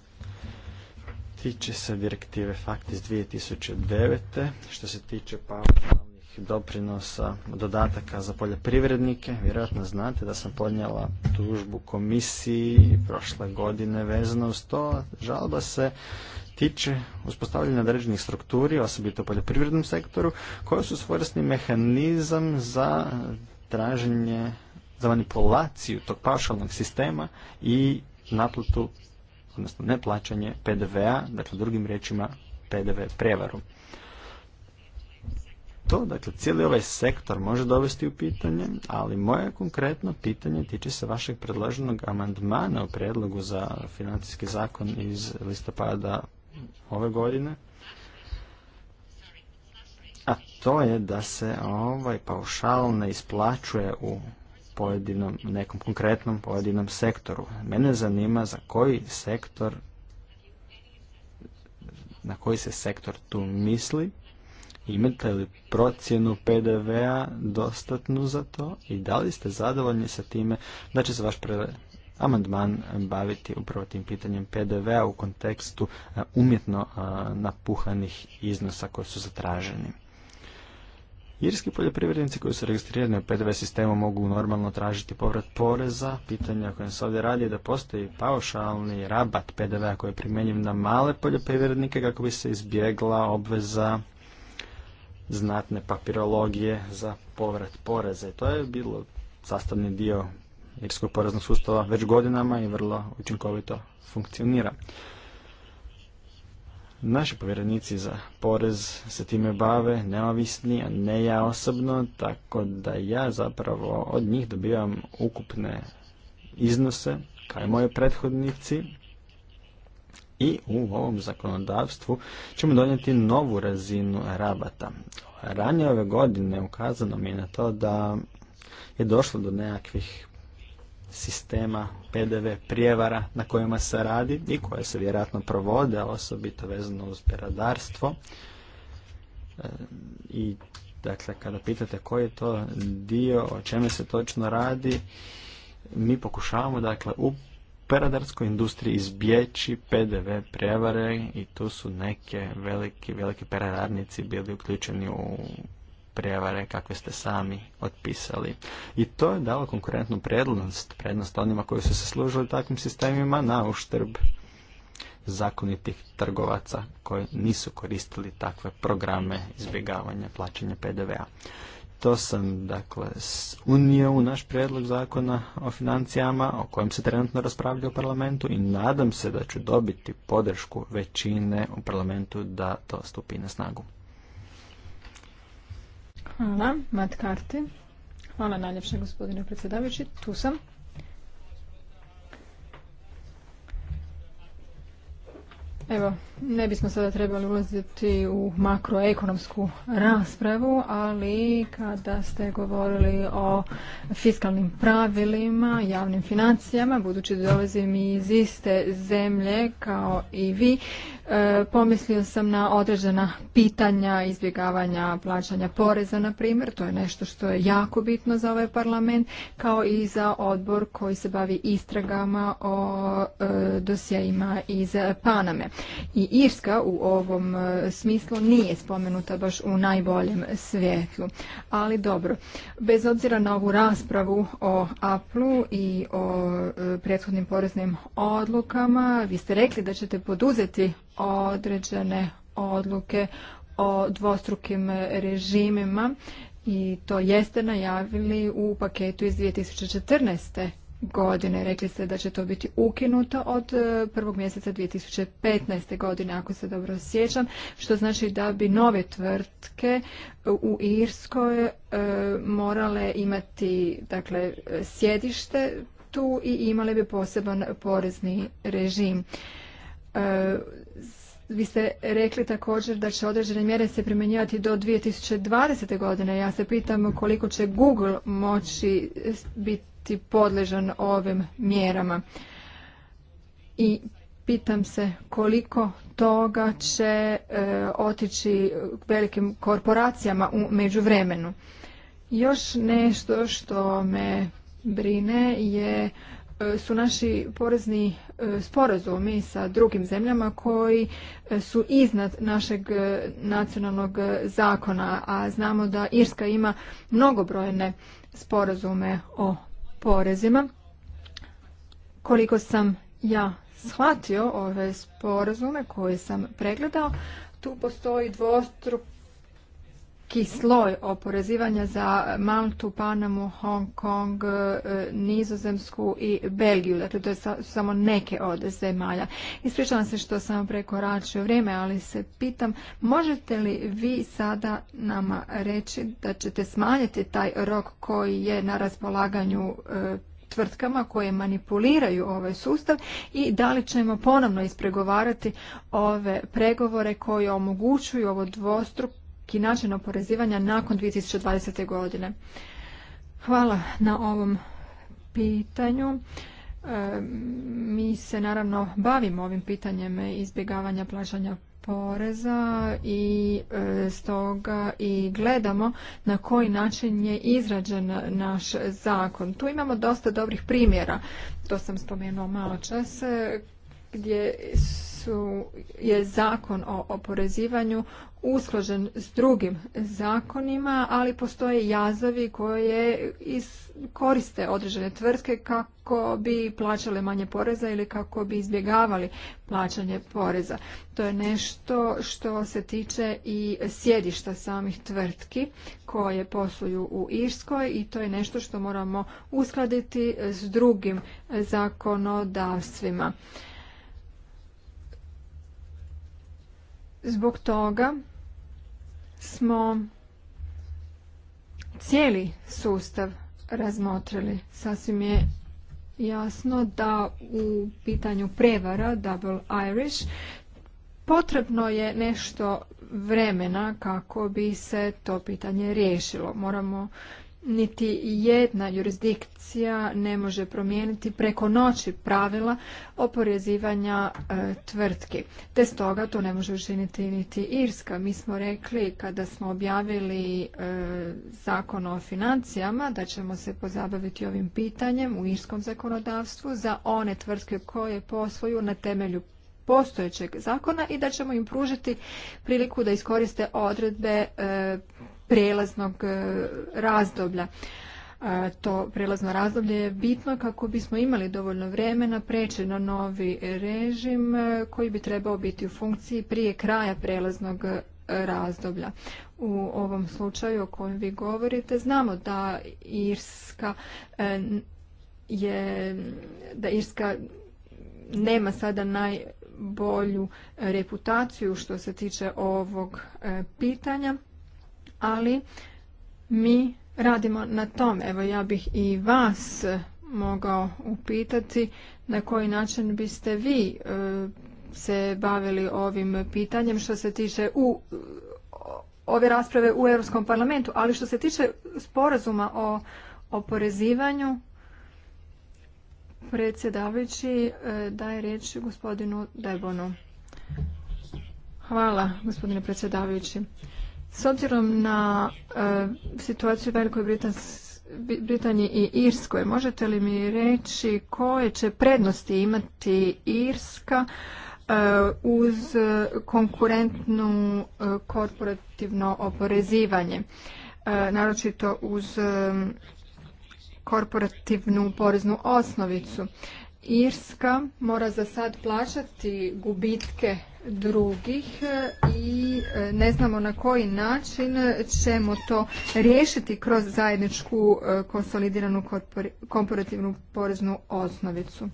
tiče se direktive Fakt iz 2009. Što se tiče pa doprinosa, dodataka za poljoprivrednike. Vjerojatno znate da sam podnijela tužbu komisiji prošle godine vezano uz to. Žalba se tiče uspostavljanja određenih strukturi, osobito u poljoprivrednom sektoru, koji su svojstveni mehanizam za traženje, za manipulaciju tog paušalnog sistema i naplatu, odnosno neplaćanje PDV-a, dakle drugim riječima PDV prevaru to, dakle, cijeli ovaj sektor može dovesti u pitanje, ali moje konkretno pitanje tiče se vašeg predloženog amandmana u predlogu za financijski zakon iz listopada ove godine. A to je da se ovaj paušal ne isplaćuje u pojedinom, nekom konkretnom pojedinom sektoru. Mene zanima za koji sektor, na koji se sektor tu misli Imate li procjenu PDV-a dostatnu za to i da li ste zadovoljni sa time da će se vaš amandman baviti upravo tim pitanjem PDV-a u kontekstu e, umjetno e, napuhanih iznosa koji su zatraženi? Irski poljoprivrednici koji su registrirani u PDV sistemu mogu normalno tražiti povrat poreza. Pitanje o kojem se ovdje radi je da postoji paušalni rabat PDV-a koji je primjenjiv na male poljoprivrednike kako bi se izbjegla obveza znatne papirologije za povrat poreza. I to je bilo sastavni dio irskog poreznog sustava već godinama i vrlo učinkovito funkcionira. Naši povjerenici za porez se time bave neovisni, a ne ja osobno, tako da ja zapravo od njih dobivam ukupne iznose, kao i moji prethodnici, i u ovom zakonodavstvu ćemo donijeti novu razinu rabata. Ranije ove godine ukazano mi je na to da je došlo do nekakvih sistema PDV prijevara na kojima se radi i koje se vjerojatno provode, osobito vezano uz peradarstvo. E, I dakle, kada pitate koji je to dio, o čemu se točno radi, mi pokušavamo dakle u peradarskoj industriji izbjeći PDV prevare i tu su neke veliki, veliki peradarnici bili uključeni u prevare kakve ste sami otpisali. I to je dalo konkurentnu prednost, prednost onima koji su se služili takvim sistemima na uštrb zakonitih trgovaca koji nisu koristili takve programe izbjegavanja plaćanja PDV-a to sam dakle unio u naš prijedlog zakona o financijama o kojem se trenutno raspravlja u parlamentu i nadam se da ću dobiti podršku većine u parlamentu da to stupi na snagu. Hvala, Matt karti. Hvala najljepše gospodine predsjedavajući. Tu sam. Evo, ne bismo sada trebali ulaziti u makroekonomsku raspravu, ali kada ste govorili o fiskalnim pravilima, javnim financijama, budući da dolazim iz iste zemlje kao i vi, E, pomislio sam na određena pitanja izbjegavanja plaćanja poreza, na primjer. To je nešto što je jako bitno za ovaj parlament, kao i za odbor koji se bavi istragama o e, dosjejima iz Paname. I Irska u ovom e, smislu nije spomenuta baš u najboljem svjetlu. Ali dobro, bez obzira na ovu raspravu o Aplu i o prethodnim poreznim odlukama, vi ste rekli da ćete poduzeti određene odluke o dvostrukim režimima i to jeste najavili u paketu iz 2014 godine. Rekli ste da će to biti ukinuto od e, prvog mjeseca 2015. godine, ako se dobro sjećam, što znači da bi nove tvrtke u Irskoj e, morale imati dakle, sjedište tu i imale bi poseban porezni režim. E, vi ste rekli također da će određene mjere se primjenjivati do 2020. godine. Ja se pitam koliko će Google moći biti podležan ovim mjerama. I pitam se koliko toga će e, otići velikim korporacijama u međuvremenu. Još nešto što me brine je su naši porezni e, sporazumi sa drugim zemljama koji e, su iznad našeg e, nacionalnog zakona, a znamo da Irska ima mnogobrojne sporazume o porezima. Koliko sam ja shvatio ove sporazume koje sam pregledao, tu postoji dvostruk sloj oporezivanja za Maltu, Panamu, Hong Kong, e, Nizozemsku i Belgiju. Dakle, to su samo neke od zemalja. Ispričavam se što sam prekoračio vrijeme, ali se pitam, možete li vi sada nama reći da ćete smanjiti taj rok koji je na raspolaganju e, tvrtkama koje manipuliraju ovaj sustav i da li ćemo ponovno ispregovarati ove pregovore koji omogućuju ovo dvostruko i način oporezivanja nakon 2020. godine. Hvala na ovom pitanju. E, mi se naravno bavimo ovim pitanjem izbjegavanja plaćanja poreza i e, stoga i gledamo na koji način je izrađen naš zakon. Tu imamo dosta dobrih primjera, to sam spomenuo malo čas, e, gdje su, je zakon o oporezivanju usložen s drugim zakonima, ali postoje jazovi koje is, koriste određene tvrtke kako bi plaćale manje poreza ili kako bi izbjegavali plaćanje poreza. To je nešto što se tiče i sjedišta samih tvrtki koje posluju u Irskoj i to je nešto što moramo uskladiti s drugim zakonodavstvima. Zbog toga smo cijeli sustav razmotrili. Sasvim je jasno da u pitanju prevara Double Irish potrebno je nešto vremena kako bi se to pitanje riješilo. Moramo niti jedna jurisdikcija ne može promijeniti preko noći pravila oporezivanja e, tvrtki. Te stoga to ne može učiniti niti Irska. Mi smo rekli kada smo objavili e, zakon o financijama da ćemo se pozabaviti ovim pitanjem u irskom zakonodavstvu za one tvrtke koje posluju na temelju postojećeg zakona i da ćemo im pružiti priliku da iskoriste odredbe e, prelaznog e, razdoblja. To prelazno razdoblje je bitno kako bismo imali dovoljno vremena preći na novi režim e, koji bi trebao biti u funkciji prije kraja prelaznog e, razdoblja. U ovom slučaju o kojem vi govorite znamo da Irska je da Irska nema sada najbolju reputaciju što se tiče ovog pitanja ali mi radimo na tom. Evo ja bih i vas mogao upitati na koji način biste vi e, se bavili ovim pitanjem što se tiče u ove rasprave u Europskom parlamentu, ali što se tiče sporazuma o oporezivanju predsjedavajući e, daje riječ gospodinu Debonu. Hvala gospodine predsjedavajući. S obzirom na e, situaciju u Velikoj Britaniji i Irskoj. Možete li mi reći koje će prednosti imati Irska e, uz konkurentnu e, korporativno oporezivanje, naročito uz korporativnu poreznu osnovicu. Irska mora za sad plaćati gubitke drugih e, i e, ne znamo na koji način ćemo to riješiti kroz zajedničku e, konsolidiranu komparativnu poreznu osnovicu.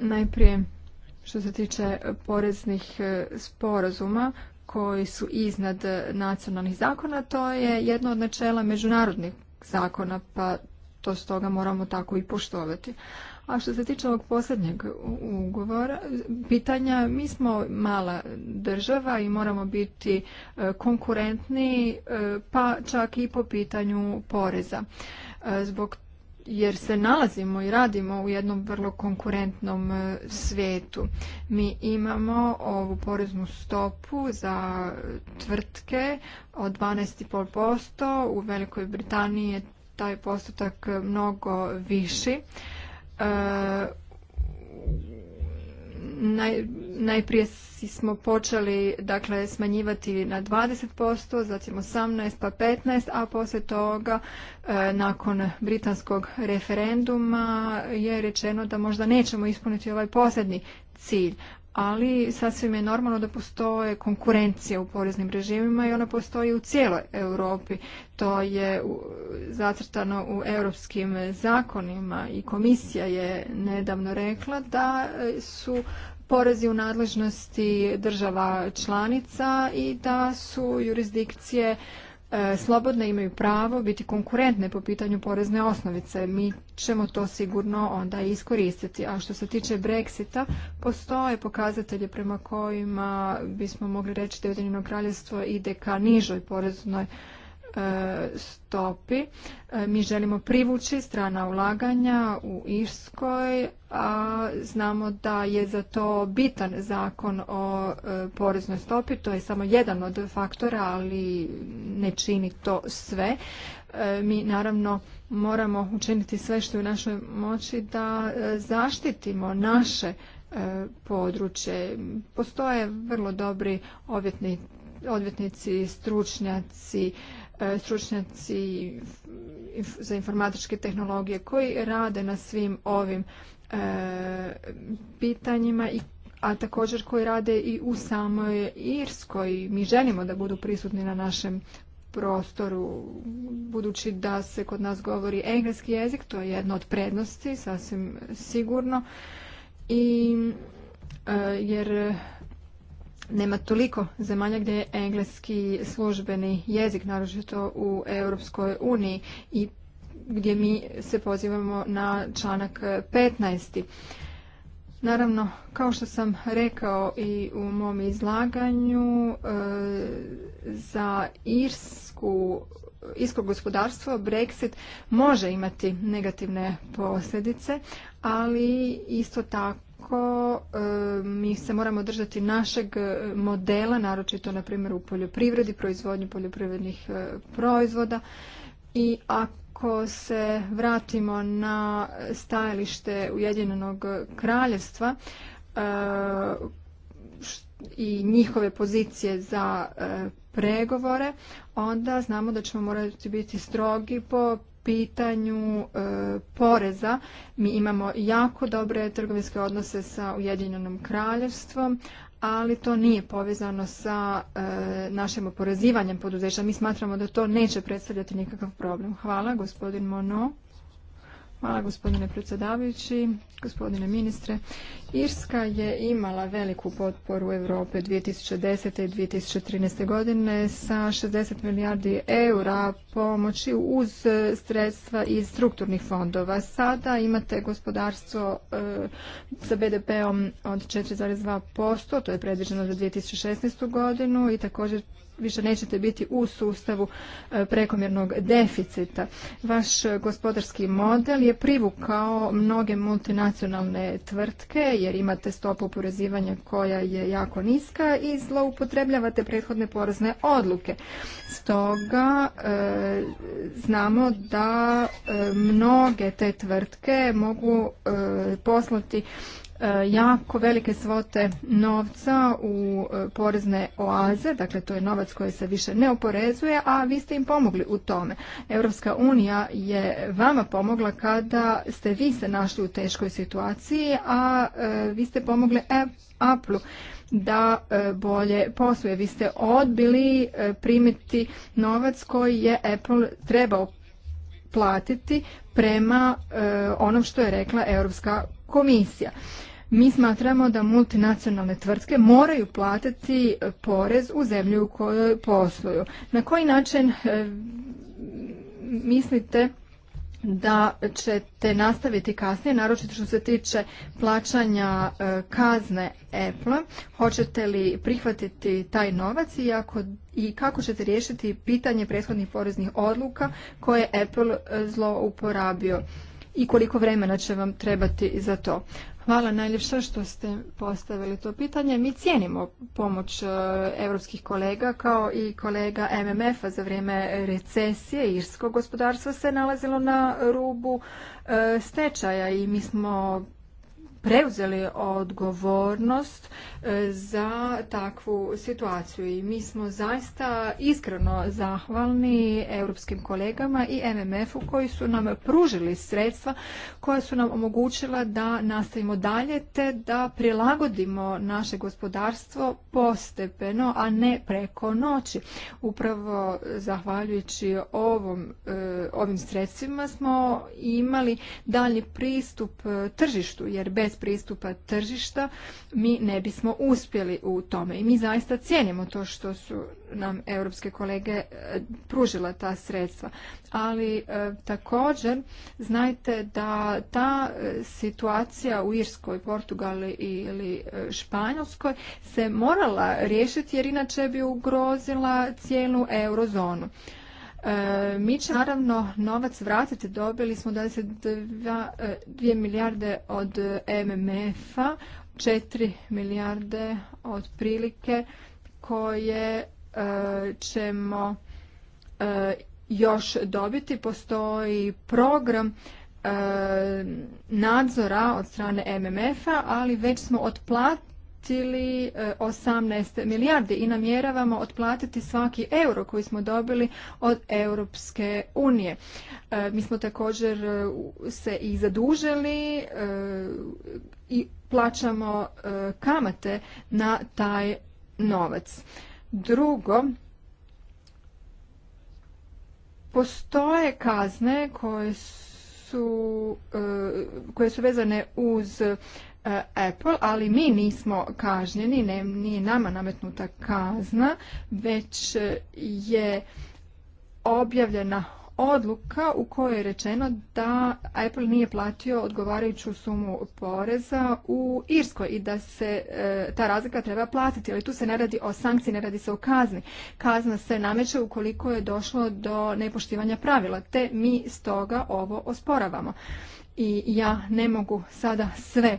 Najprije što se tiče poreznih sporazuma koji su iznad nacionalnih zakona, to je jedno od načela međunarodnih zakona, pa to stoga moramo tako i poštovati. A što se tiče ovog posljednjeg ugovora, pitanja, mi smo mala država i moramo biti e, konkurentni, e, pa čak i po pitanju poreza. E, zbog jer se nalazimo i radimo u jednom vrlo konkurentnom svijetu. Mi imamo ovu poreznu stopu za tvrtke od 12,5%, u Velikoj Britaniji je taj postotak mnogo viši. E, naj, najprije smo počeli dakle smanjivati na 20%, zatim 18 pa 15, a poslije toga e, nakon britanskog referenduma je rečeno da možda nećemo ispuniti ovaj posljednji cilj, ali sasvim je normalno da postoje konkurencija u poreznim režimima i ona postoji u cijeloj Europi. To je zacrtano u europskim zakonima i komisija je nedavno rekla da su porezi u nadležnosti država članica i da su jurisdikcije E, slobodne imaju pravo biti konkurentne po pitanju porezne osnovice. Mi ćemo to sigurno onda iskoristiti. A što se tiče Brexita, postoje pokazatelje prema kojima bismo mogli reći da Ujedinjeno kraljevstvo ide ka nižoj poreznoj stopi. E, mi želimo privući strana ulaganja u Irskoj, a znamo da je za to bitan zakon o e, poreznoj stopi. To je samo jedan od faktora, ali ne čini to sve. E, mi naravno moramo učiniti sve što je u našoj moći da zaštitimo naše područje. Postoje vrlo dobri odvjetnici, stručnjaci, E, stručnjaci za informatičke tehnologije koji rade na svim ovim e, pitanjima i a također koji rade i u samoj Irskoj. Mi želimo da budu prisutni na našem prostoru, budući da se kod nas govori engleski jezik, to je jedna od prednosti, sasvim sigurno. I e, jer nema toliko zemalja gdje je engleski službeni jezik, naročito u Europskoj uniji i gdje mi se pozivamo na članak 15. Naravno, kao što sam rekao i u mom izlaganju, e, za irsku, irsko gospodarstvo Brexit može imati negativne posljedice, ali isto tako e, mi se moramo držati našeg eh, modela, naročito na primjer u poljoprivredi, proizvodnju poljoprivrednih eh, proizvoda i ako se vratimo na stajalište Ujedinjenog kraljevstva i njihove pozicije za pregovore, onda znamo da ćemo morati biti strogi po pitanju e, poreza mi imamo jako dobre trgovinske odnose sa Ujedinjenom kraljevstvom, ali to nije povezano sa e, našim oporezivanjem poduzeća. Mi smatramo da to neće predstavljati nikakav problem. Hvala, gospodin Mono. Hvala gospodine predsjedavajući, gospodine ministre. Irska je imala veliku potporu Europe 2010. i 2013. godine sa 60 milijardi eura pomoći uz sredstva iz strukturnih fondova. Sada imate gospodarstvo e, sa BDP-om od 4,2%, to je predviđeno za 2016. godinu i također više nećete biti u sustavu e, prekomjernog deficita. Vaš gospodarski model je privukao mnoge multinacionalne tvrtke jer imate stopu oporezivanja koja je jako niska i zloupotrebljavate prethodne porezne odluke. Stoga e, znamo da e, mnoge te tvrtke mogu poslati E, jako velike svote novca u e, porezne oaze, dakle to je novac koji se više ne oporezuje, a vi ste im pomogli u tome. Europska unija je vama pomogla kada ste vi se našli u teškoj situaciji, a e, vi ste pomogli Apple da bolje posluje. Vi ste odbili primiti novac koji je Apple trebao platiti prema onom što je rekla Europska komisija. Mi smatramo da multinacionalne tvrtke moraju platiti e, porez u zemlju u kojoj posluju. Na koji način e, mislite da ćete nastaviti kasnije, naročito što se tiče plaćanja e, kazne Apple. Hoćete li prihvatiti taj novac i, kako ćete riješiti pitanje prethodnih poreznih odluka koje je Apple zlouporabio i koliko vremena će vam trebati za to. Hvala najljepša što ste postavili to pitanje. Mi cijenimo pomoć europskih kolega kao i kolega MMF-a za vrijeme recesije. Irsko gospodarstvo se nalazilo na rubu e, stečaja i mi smo preuzeli odgovornost e, za takvu situaciju i mi smo zaista iskreno zahvalni europskim kolegama i MMF-u koji su nam pružili sredstva koja su nam omogućila da nastavimo dalje te da prilagodimo naše gospodarstvo postepeno, a ne preko noći. Upravo zahvaljujući ovom, e, ovim sredstvima smo imali dalji pristup e, tržištu jer bez pristupa tržišta mi ne bismo uspjeli u tome. I mi zaista cijenimo to što su nam europske kolege e, pružila ta sredstva. Ali e, također znajte da ta e, situacija u Irskoj, Portugali ili Španjolskoj se morala riješiti jer inače bi ugrozila cijelu eurozonu. E, mi ćemo naravno novac vratiti, dobili smo 22 2 e, milijarde od MMF-a, 4 milijarde od prilike koje e, ćemo e, još dobiti. Postoji program nadzora od strane MMF-a, ali već smo otplatili ili 18 e, milijardi i namjeravamo otplatiti svaki euro koji smo dobili od Europske unije. E, mi smo također e, se i zadužili i plaćamo kamate na taj novac. Drugo, postoje kazne koje su, koje su vezane uz Eh, Apple, ali mi nismo kažnjeni, ne, nije nama nametnuta kazna, već eh, je objavljena odluka u kojoj je rečeno da Apple nije platio odgovarajuću sumu poreza u Irskoj i da se eh, ta razlika treba platiti, ali tu se ne radi o sankciji, ne radi se o kazni. Kazna se nameće ukoliko je došlo do nepoštivanja pravila, te mi stoga ovo osporavamo. I ja ne mogu sada sve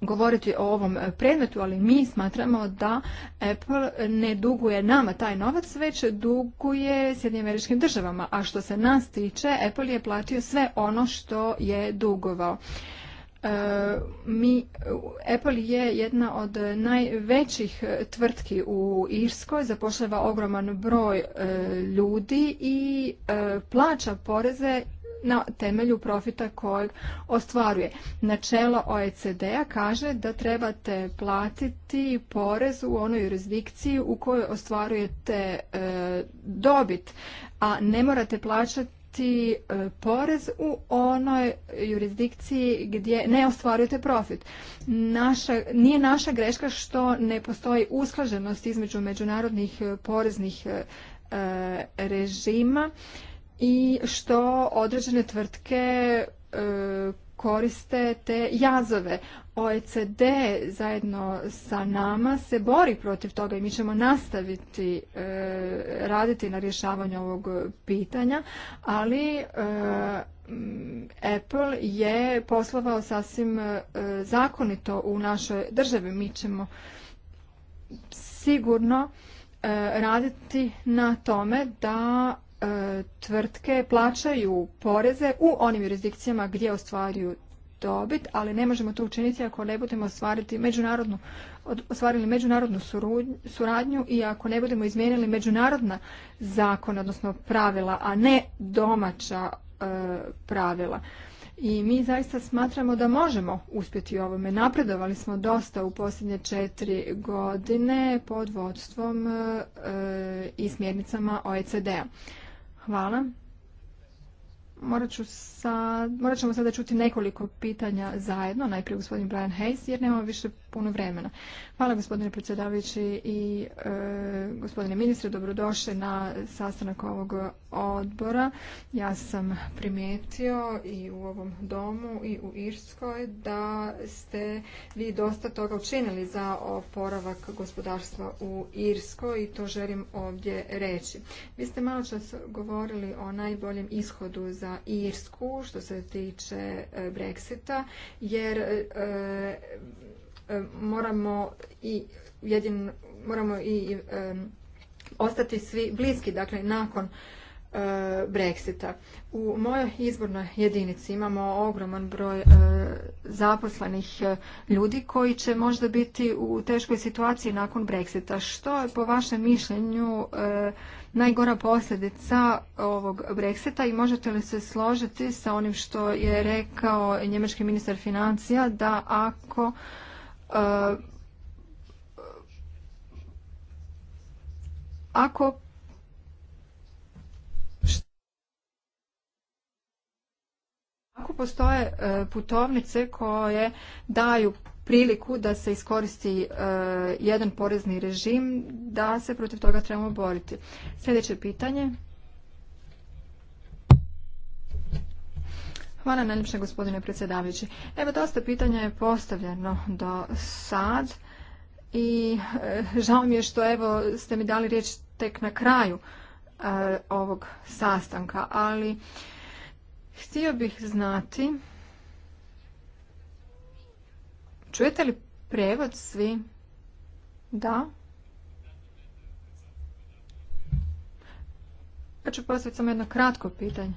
govoriti o ovom predmetu, ali mi smatramo da Apple ne duguje nama taj novac, već duguje Sjedinjim američkim državama. A što se nas tiče, Apple je platio sve ono što je dugovao. E, Apple je jedna od najvećih tvrtki u Irskoj, zapošljava ogroman broj e, ljudi i e, plaća poreze na temelju profita kojeg ostvaruje. Načelo OECD-a kaže da trebate platiti porez u onoj jurisdikciji u kojoj ostvarujete e, dobit, a ne morate plaćati e, porez u onoj jurisdikciji gdje ne ostvarujete profit. Naša, nije naša greška što ne postoji usklaženost između međunarodnih poreznih e, režima i što određene tvrtke e, koriste te jazove. OECD zajedno sa nama se bori protiv toga i mi ćemo nastaviti e, raditi na rješavanju ovog pitanja, ali e, Apple je poslovao sasvim zakonito u našoj državi. Mi ćemo sigurno raditi na tome da E, tvrtke plaćaju poreze u onim jurisdikcijama gdje ostvaruju dobit, ali ne možemo to učiniti ako ne budemo ostvariti međunarodnu, ostvarili međunarodnu suradnju i ako ne budemo izmijenili međunarodna zakona, odnosno pravila, a ne domaća e, pravila. I mi zaista smatramo da možemo uspjeti u ovome. Napredovali smo dosta u posljednje četiri godine pod vodstvom e, i smjernicama OECD-a. Hvala. Morat, ću sad, morat ćemo sada čuti nekoliko pitanja zajedno, najprije gospodin Brian Hayes, jer nemamo više puno vremena. Hvala gospodine predsjedavajući i e, gospodine ministre, dobrodošli na sastanak ovog odbora. Ja sam primijetio i u ovom domu i u Irskoj da ste vi dosta toga učinili za oporavak gospodarstva u Irskoj i to želim ovdje reći. Vi ste malo čas govorili o najboljem ishodu za Irsku što se tiče e, Brexita jer e, E, moramo i jedin, moramo i e, ostati svi bliski, dakle nakon e, Brexita. U mojoj izbornoj jedinici imamo ogroman broj zaposlenih ljudi koji će možda biti u teškoj situaciji nakon Brexita. Što je po vašem mišljenju najgora posljedica ovog Brexita i možete li se složiti sa onim što je rekao njemački ministar financija da ako E, ako Ako postoje e, putovnice koje daju priliku da se iskoristi e, jedan porezni režim, da se protiv toga trebamo boriti. Sljedeće pitanje. Hvala najljepše gospodine predsjedavajući. Evo dosta pitanja je postavljeno do sad i e, žao mi je što evo ste mi dali riječ tek na kraju e, ovog sastanka, ali htio bih znati čujete li prevod svi? Da. Ja ću postaviti samo jedno kratko pitanje.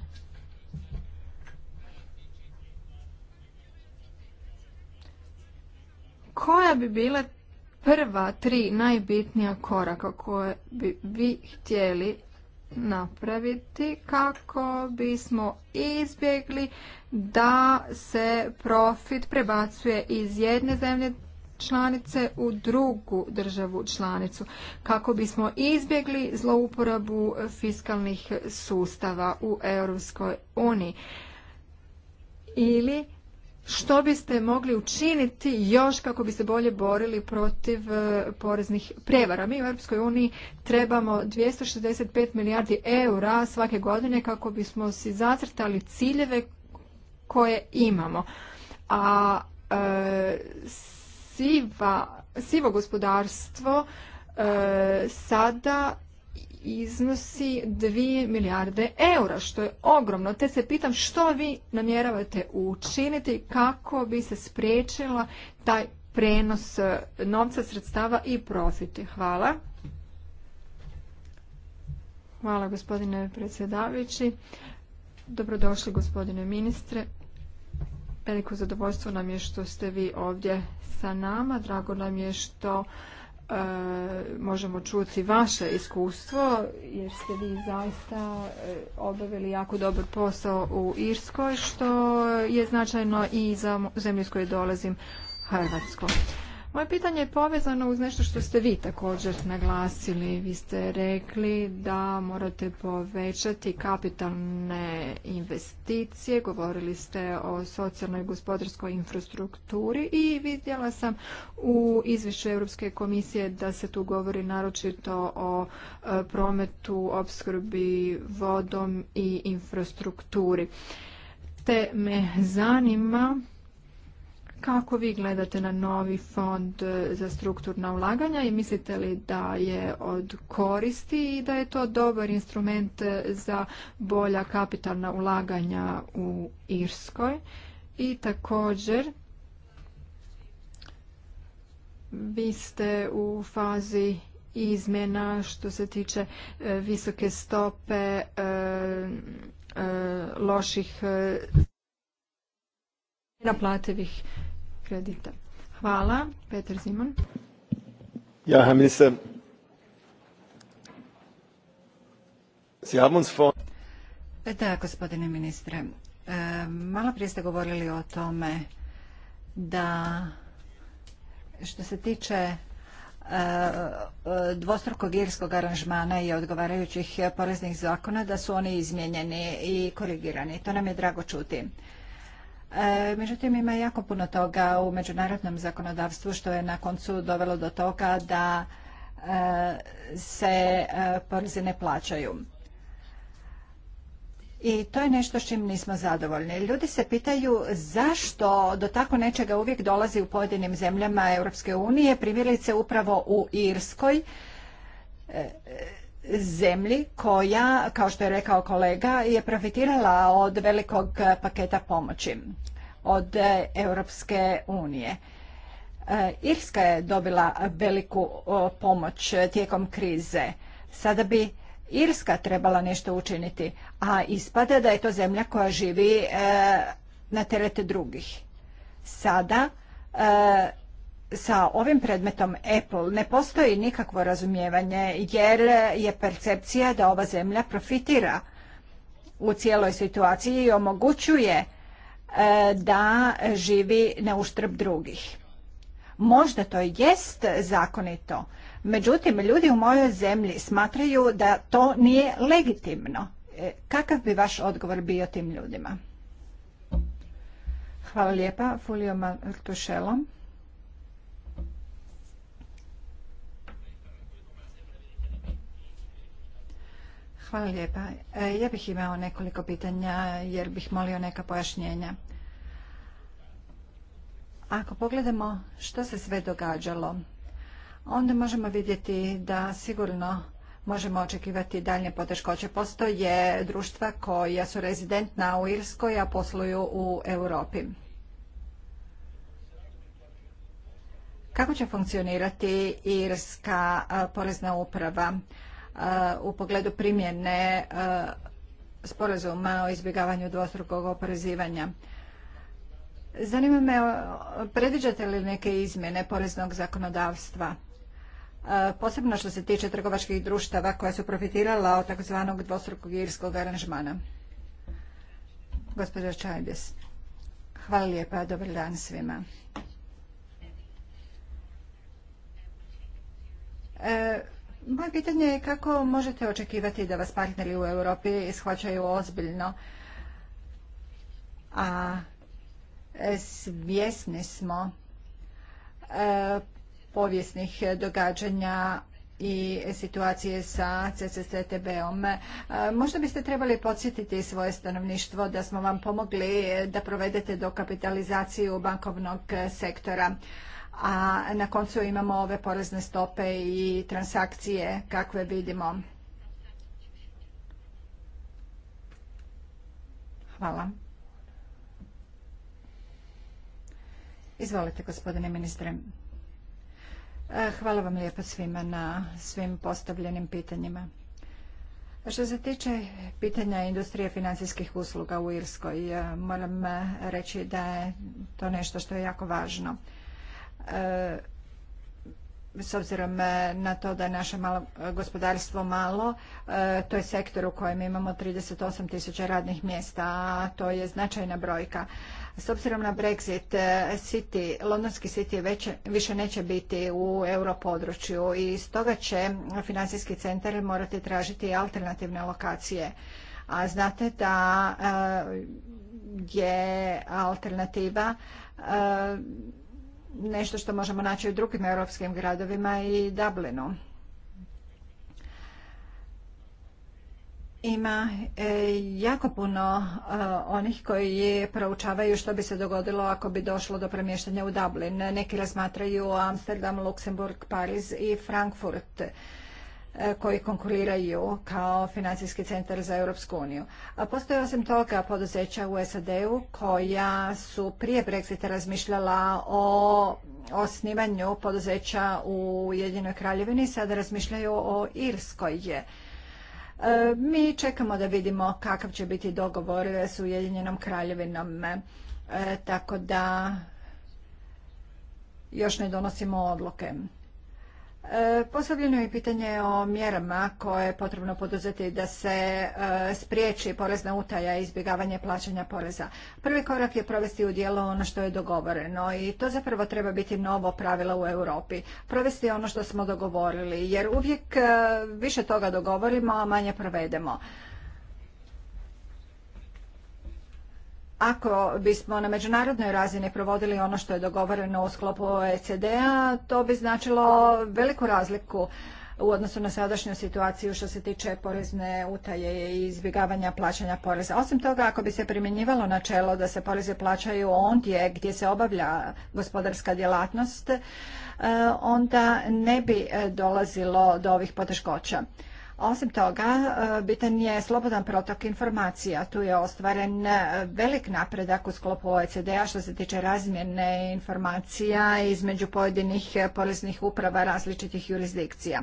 koja bi bila prva tri najbitnija koraka koje bi vi htjeli napraviti kako bismo izbjegli da se profit prebacuje iz jedne zemlje članice u drugu državu članicu kako bismo izbjegli zlouporabu fiskalnih sustava u Europskoj uniji ili što biste mogli učiniti još kako bi se bolje borili protiv e, poreznih prevara. Mi u Europskoj uniji trebamo 265 milijardi eura svake godine kako bismo si zacrtali ciljeve koje imamo. A e, sivo gospodarstvo e, sada iznosi 2 milijarde eura, što je ogromno. Te se pitam što vi namjeravate učiniti kako bi se spriječila taj prenos e, novca, sredstava i profiti. Hvala. Hvala gospodine predsjedavajući. Dobrodošli gospodine ministre. Veliko zadovoljstvo nam je što ste vi ovdje sa nama. Drago nam je što E, možemo čuti vaše iskustvo jer ste vi zaista e, obavili jako dobar posao u Irskoj što je značajno i za zemlju iz koje dolazim Hrvatsku. Moje pitanje je povezano uz nešto što ste vi također naglasili. Vi ste rekli da morate povećati kapitalne investicije, govorili ste o socijalnoj gospodarskoj infrastrukturi i vidjela sam u izvješću Europske komisije da se tu govori naročito o e, prometu, opskrbi vodom i infrastrukturi. Te me zanima kako vi gledate na novi fond e, za strukturna ulaganja i mislite li da je od koristi i da je to dobar instrument e, za bolja kapitalna ulaganja u Irskoj? I također, vi ste u fazi izmjena što se tiče e, visoke stope loših naplativih kredita. Hvala. Petar Zimon. Ja, Sie haben uns vor... Da, gospodine ministre, e, malo prije ste govorili o tome da što se tiče e, dvostrukog irskog aranžmana i odgovarajućih poreznih zakona da su oni izmijenjeni i korigirani. To nam je drago čuti. E, međutim, ima jako puno toga u međunarodnom zakonodavstvu što je na koncu dovelo do toga da e, se e, porezi ne plaćaju. I to je nešto s čim nismo zadovoljni. Ljudi se pitaju zašto do tako nečega uvijek dolazi u pojedinim zemljama Europske unije, primjerice upravo u Irskoj zemlji koja, kao što je rekao kolega, je profitirala od velikog paketa pomoći od e, Europske unije. E, Irska je dobila veliku pomoć tijekom krize. Sada bi Irska trebala nešto učiniti, a ispada da je to zemlja koja živi e, na terete drugih. Sada sa ovim predmetom Apple ne postoji nikakvo razumijevanje jer je percepcija da ova zemlja profitira u cijeloj situaciji i omogućuje e, da živi na uštrb drugih. Možda to jest zakonito, međutim ljudi u mojoj zemlji smatraju da to nije legitimno. E, kakav bi vaš odgovor bio tim ljudima? Hvala lijepa, Fulio Martušelo. Hvala lijepa. E, ja bih imao nekoliko pitanja jer bih molio neka pojašnjenja. Ako pogledamo što se sve događalo, onda možemo vidjeti da sigurno možemo očekivati daljnje poteškoće. Postoje društva koja su rezidentna u Irskoj, a posluju u Europi. Kako će funkcionirati Irska porezna uprava? u pogledu primjene sporazuma o izbjegavanju dvostrukog oporezivanja. Zanima me, predviđate li neke izmjene poreznog zakonodavstva? Posebno što se tiče trgovačkih društava koja su profitirala od takozvanog dvostrukog irskog aranžmana. Gospođo Čajbes. Hvala lijepa, dobar dan svima. E, moje pitanje je kako možete očekivati da vas partneri u Europi shvaćaju ozbiljno, a e, svjesni smo e, povijesnih događanja i situacije sa CCCTB-om. E, možda biste trebali podsjetiti svoje stanovništvo da smo vam pomogli da provedete dokapitalizaciju bankovnog sektora a na koncu imamo ove porezne stope i transakcije kakve vidimo. Hvala. Izvolite, gospodine ministre. E, hvala vam lijepo svima na svim postavljenim pitanjima. Što se tiče pitanja industrije financijskih usluga u Irskoj, e, moram reći da je to nešto što je jako važno. E, s obzirom e, na to da je naše malo, gospodarstvo malo, e, to je sektor u kojem imamo 38 tisuća radnih mjesta, a to je značajna brojka. S obzirom na Brexit, City, londonski City već, više neće biti u europodručju i stoga će financijski centar morati tražiti alternativne lokacije. A znate da je alternativa nešto što možemo naći u drugim europskim gradovima i Dublinu. Ima e, jako puno e, onih koji proučavaju što bi se dogodilo ako bi došlo do premještanja u Dublin. Neki razmatraju Amsterdam, Luksemburg, Pariz i Frankfurt E, koji konkuriraju kao financijski centar za Europsku uniju. A postoje osim toga poduzeća u SAD-u koja su prije Brexita razmišljala o osnivanju poduzeća u Jedinoj kraljevini, sada razmišljaju o Irskoj. E, mi čekamo da vidimo kakav će biti dogovor s Ujedinjenom kraljevinom, e, tako da još ne donosimo odluke. E, postavljeno je pitanje o mjerama koje je potrebno poduzeti da se e, spriječi porezna utaja i izbjegavanje plaćanja poreza. Prvi korak je provesti u dijelo ono što je dogovoreno i to zapravo treba biti novo pravilo u Europi. Provesti ono što smo dogovorili jer uvijek e, više toga dogovorimo, a manje provedemo. Ako bismo na međunarodnoj razini provodili ono što je dogovoreno u sklopu OECD-a, to bi značilo veliku razliku u odnosu na sadašnju situaciju što se tiče porezne utaje i izbjegavanja plaćanja poreza. Osim toga, ako bi se primjenjivalo načelo da se poreze plaćaju ondje gdje se obavlja gospodarska djelatnost, e, onda ne bi e, dolazilo do ovih poteškoća. Osim toga, e, bitan je slobodan protok informacija. Tu je ostvaren e, velik napredak u sklopu OECD-a što se tiče razmjene informacija između pojedinih e, poreznih uprava različitih jurisdikcija.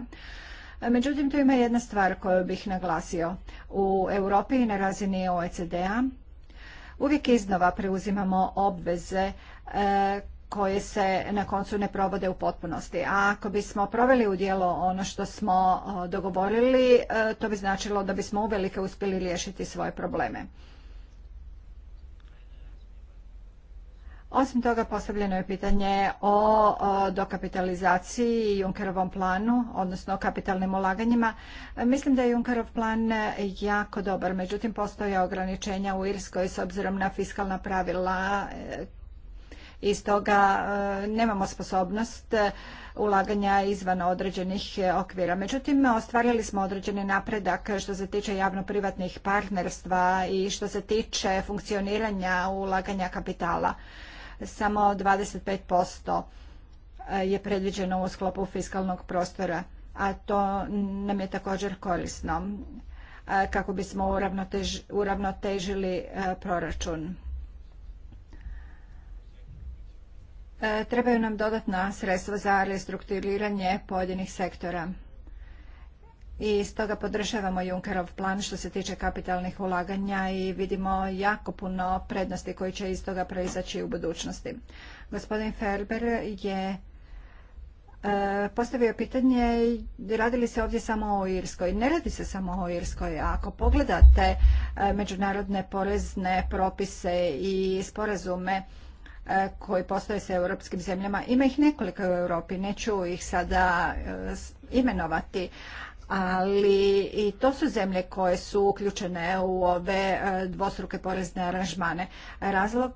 Međutim, tu ima jedna stvar koju bih naglasio. U Europi i na razini OECD-a uvijek iznova preuzimamo obveze koje se na koncu ne provode u potpunosti. A ako bismo proveli u djelo ono što smo dogovorili, e, to bi značilo da bismo uvelike uspjeli riješiti svoje probleme. Osim toga postavljeno je pitanje o dokapitalizaciji i Junkerovom planu, odnosno o kapitalnim ulaganjima. E, mislim da je Junkerov plan jako dobar, međutim postoje ograničenja u Irskoj s obzirom na fiskalna pravila e, i stoga e, nemamo sposobnost e, ulaganja izvan određenih e, okvira. Međutim, ostvarili smo određeni napredak što se tiče javno-privatnih partnerstva i što se tiče funkcioniranja ulaganja kapitala. Samo 25% je predviđeno u sklopu fiskalnog prostora, a to nam je također korisno kako bismo uravnotežili proračun. E, trebaju nam dodatna sredstva za restrukturiranje pojedinih sektora. I stoga podržavamo Junkerov plan što se tiče kapitalnih ulaganja i vidimo jako puno prednosti koji će iz toga proizaći u budućnosti. Gospodin Ferber je e, postavio pitanje radi li se ovdje samo o Irskoj. Ne radi se samo o Irskoj. ako pogledate e, međunarodne porezne propise i sporazume E, koji postoje sa europskim zemljama. Ima ih nekoliko u Europi, neću ih sada e, imenovati, ali i to su zemlje koje su uključene u ove e, dvostruke porezne aranžmane. Razlog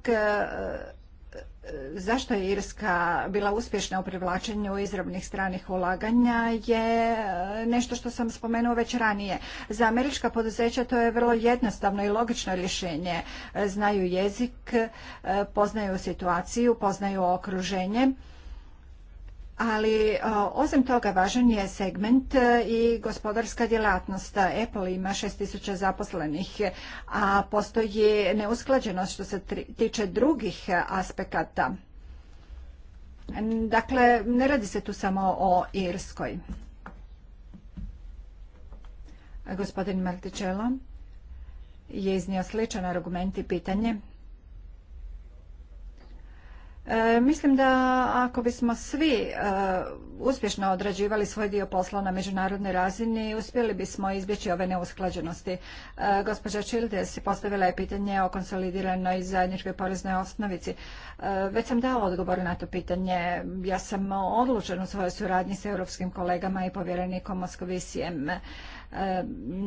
zašto je Irska bila uspješna u privlačenju izravnih stranih ulaganja je e, nešto što sam spomenuo već ranije. Za američka poduzeća to je vrlo jednostavno i logično rješenje. E, Znaju jezik, e, poznaju situaciju, poznaju okruženje ali osim toga važan je segment e, i gospodarska djelatnost. Apple ima 6000 zaposlenih, a postoji neusklađenost što se tiče drugih aspekata. Dakle, ne radi se tu samo o Irskoj. Gospodin Marticello je iznio sličan argument i pitanje. E, mislim da ako bismo svi e, uspješno odrađivali svoj dio posla na međunarodnoj razini, uspjeli bismo izbjeći ove neusklađenosti. E, gospođa Čildes postavila je pitanje o konsolidiranoj zajedničkoj poreznoj osnovici. Već sam dao odgovor na to pitanje. Ja sam odlučen u svojoj suradnji s europskim kolegama i povjerenikom Moskovisijem.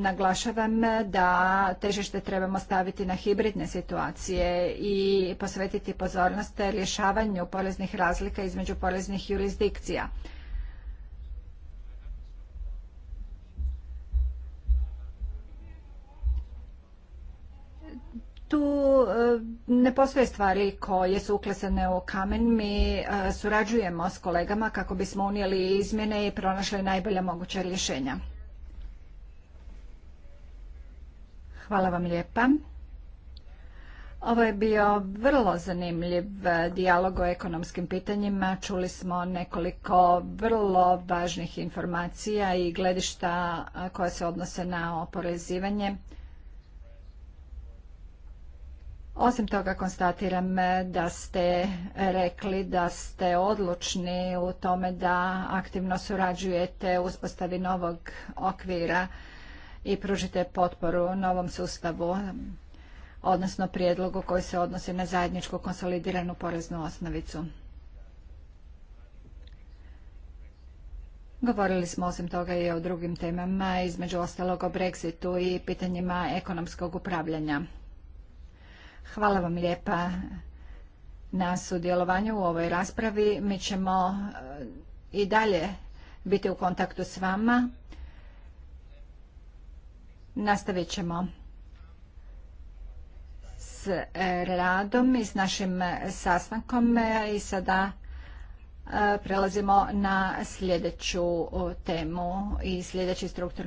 Naglašavam da težište trebamo staviti na hibridne situacije i posvetiti pozornost rješavanju poreznih razlika između poreznih jurisdikcija. tu ne postoje stvari koje su uklesane u kamen. Mi e, surađujemo s kolegama kako bismo unijeli izmjene i pronašli najbolja moguća rješenja. Hvala vam lijepa. Ovo je bio vrlo zanimljiv dijalog o ekonomskim pitanjima. Čuli smo nekoliko vrlo važnih informacija i gledišta koja se odnose na oporezivanje. Osim toga konstatiram e, da ste rekli da ste odlučni u tome da aktivno surađujete u uspostavi novog okvira i pružite potporu novom sustavu, odnosno prijedlogu koji se odnosi na zajedničku konsolidiranu poreznu osnovicu. Govorili smo osim toga i o drugim temama, između ostalog o Brexitu i pitanjima ekonomskog upravljanja. Hvala vam lijepa na sudjelovanju u ovoj raspravi. Mi ćemo e, i dalje biti u kontaktu s vama. Nastavit ćemo s e, radom i s našim e, sastankom e, i sada prelazimo na sljedeću temu i sljedeći strukturni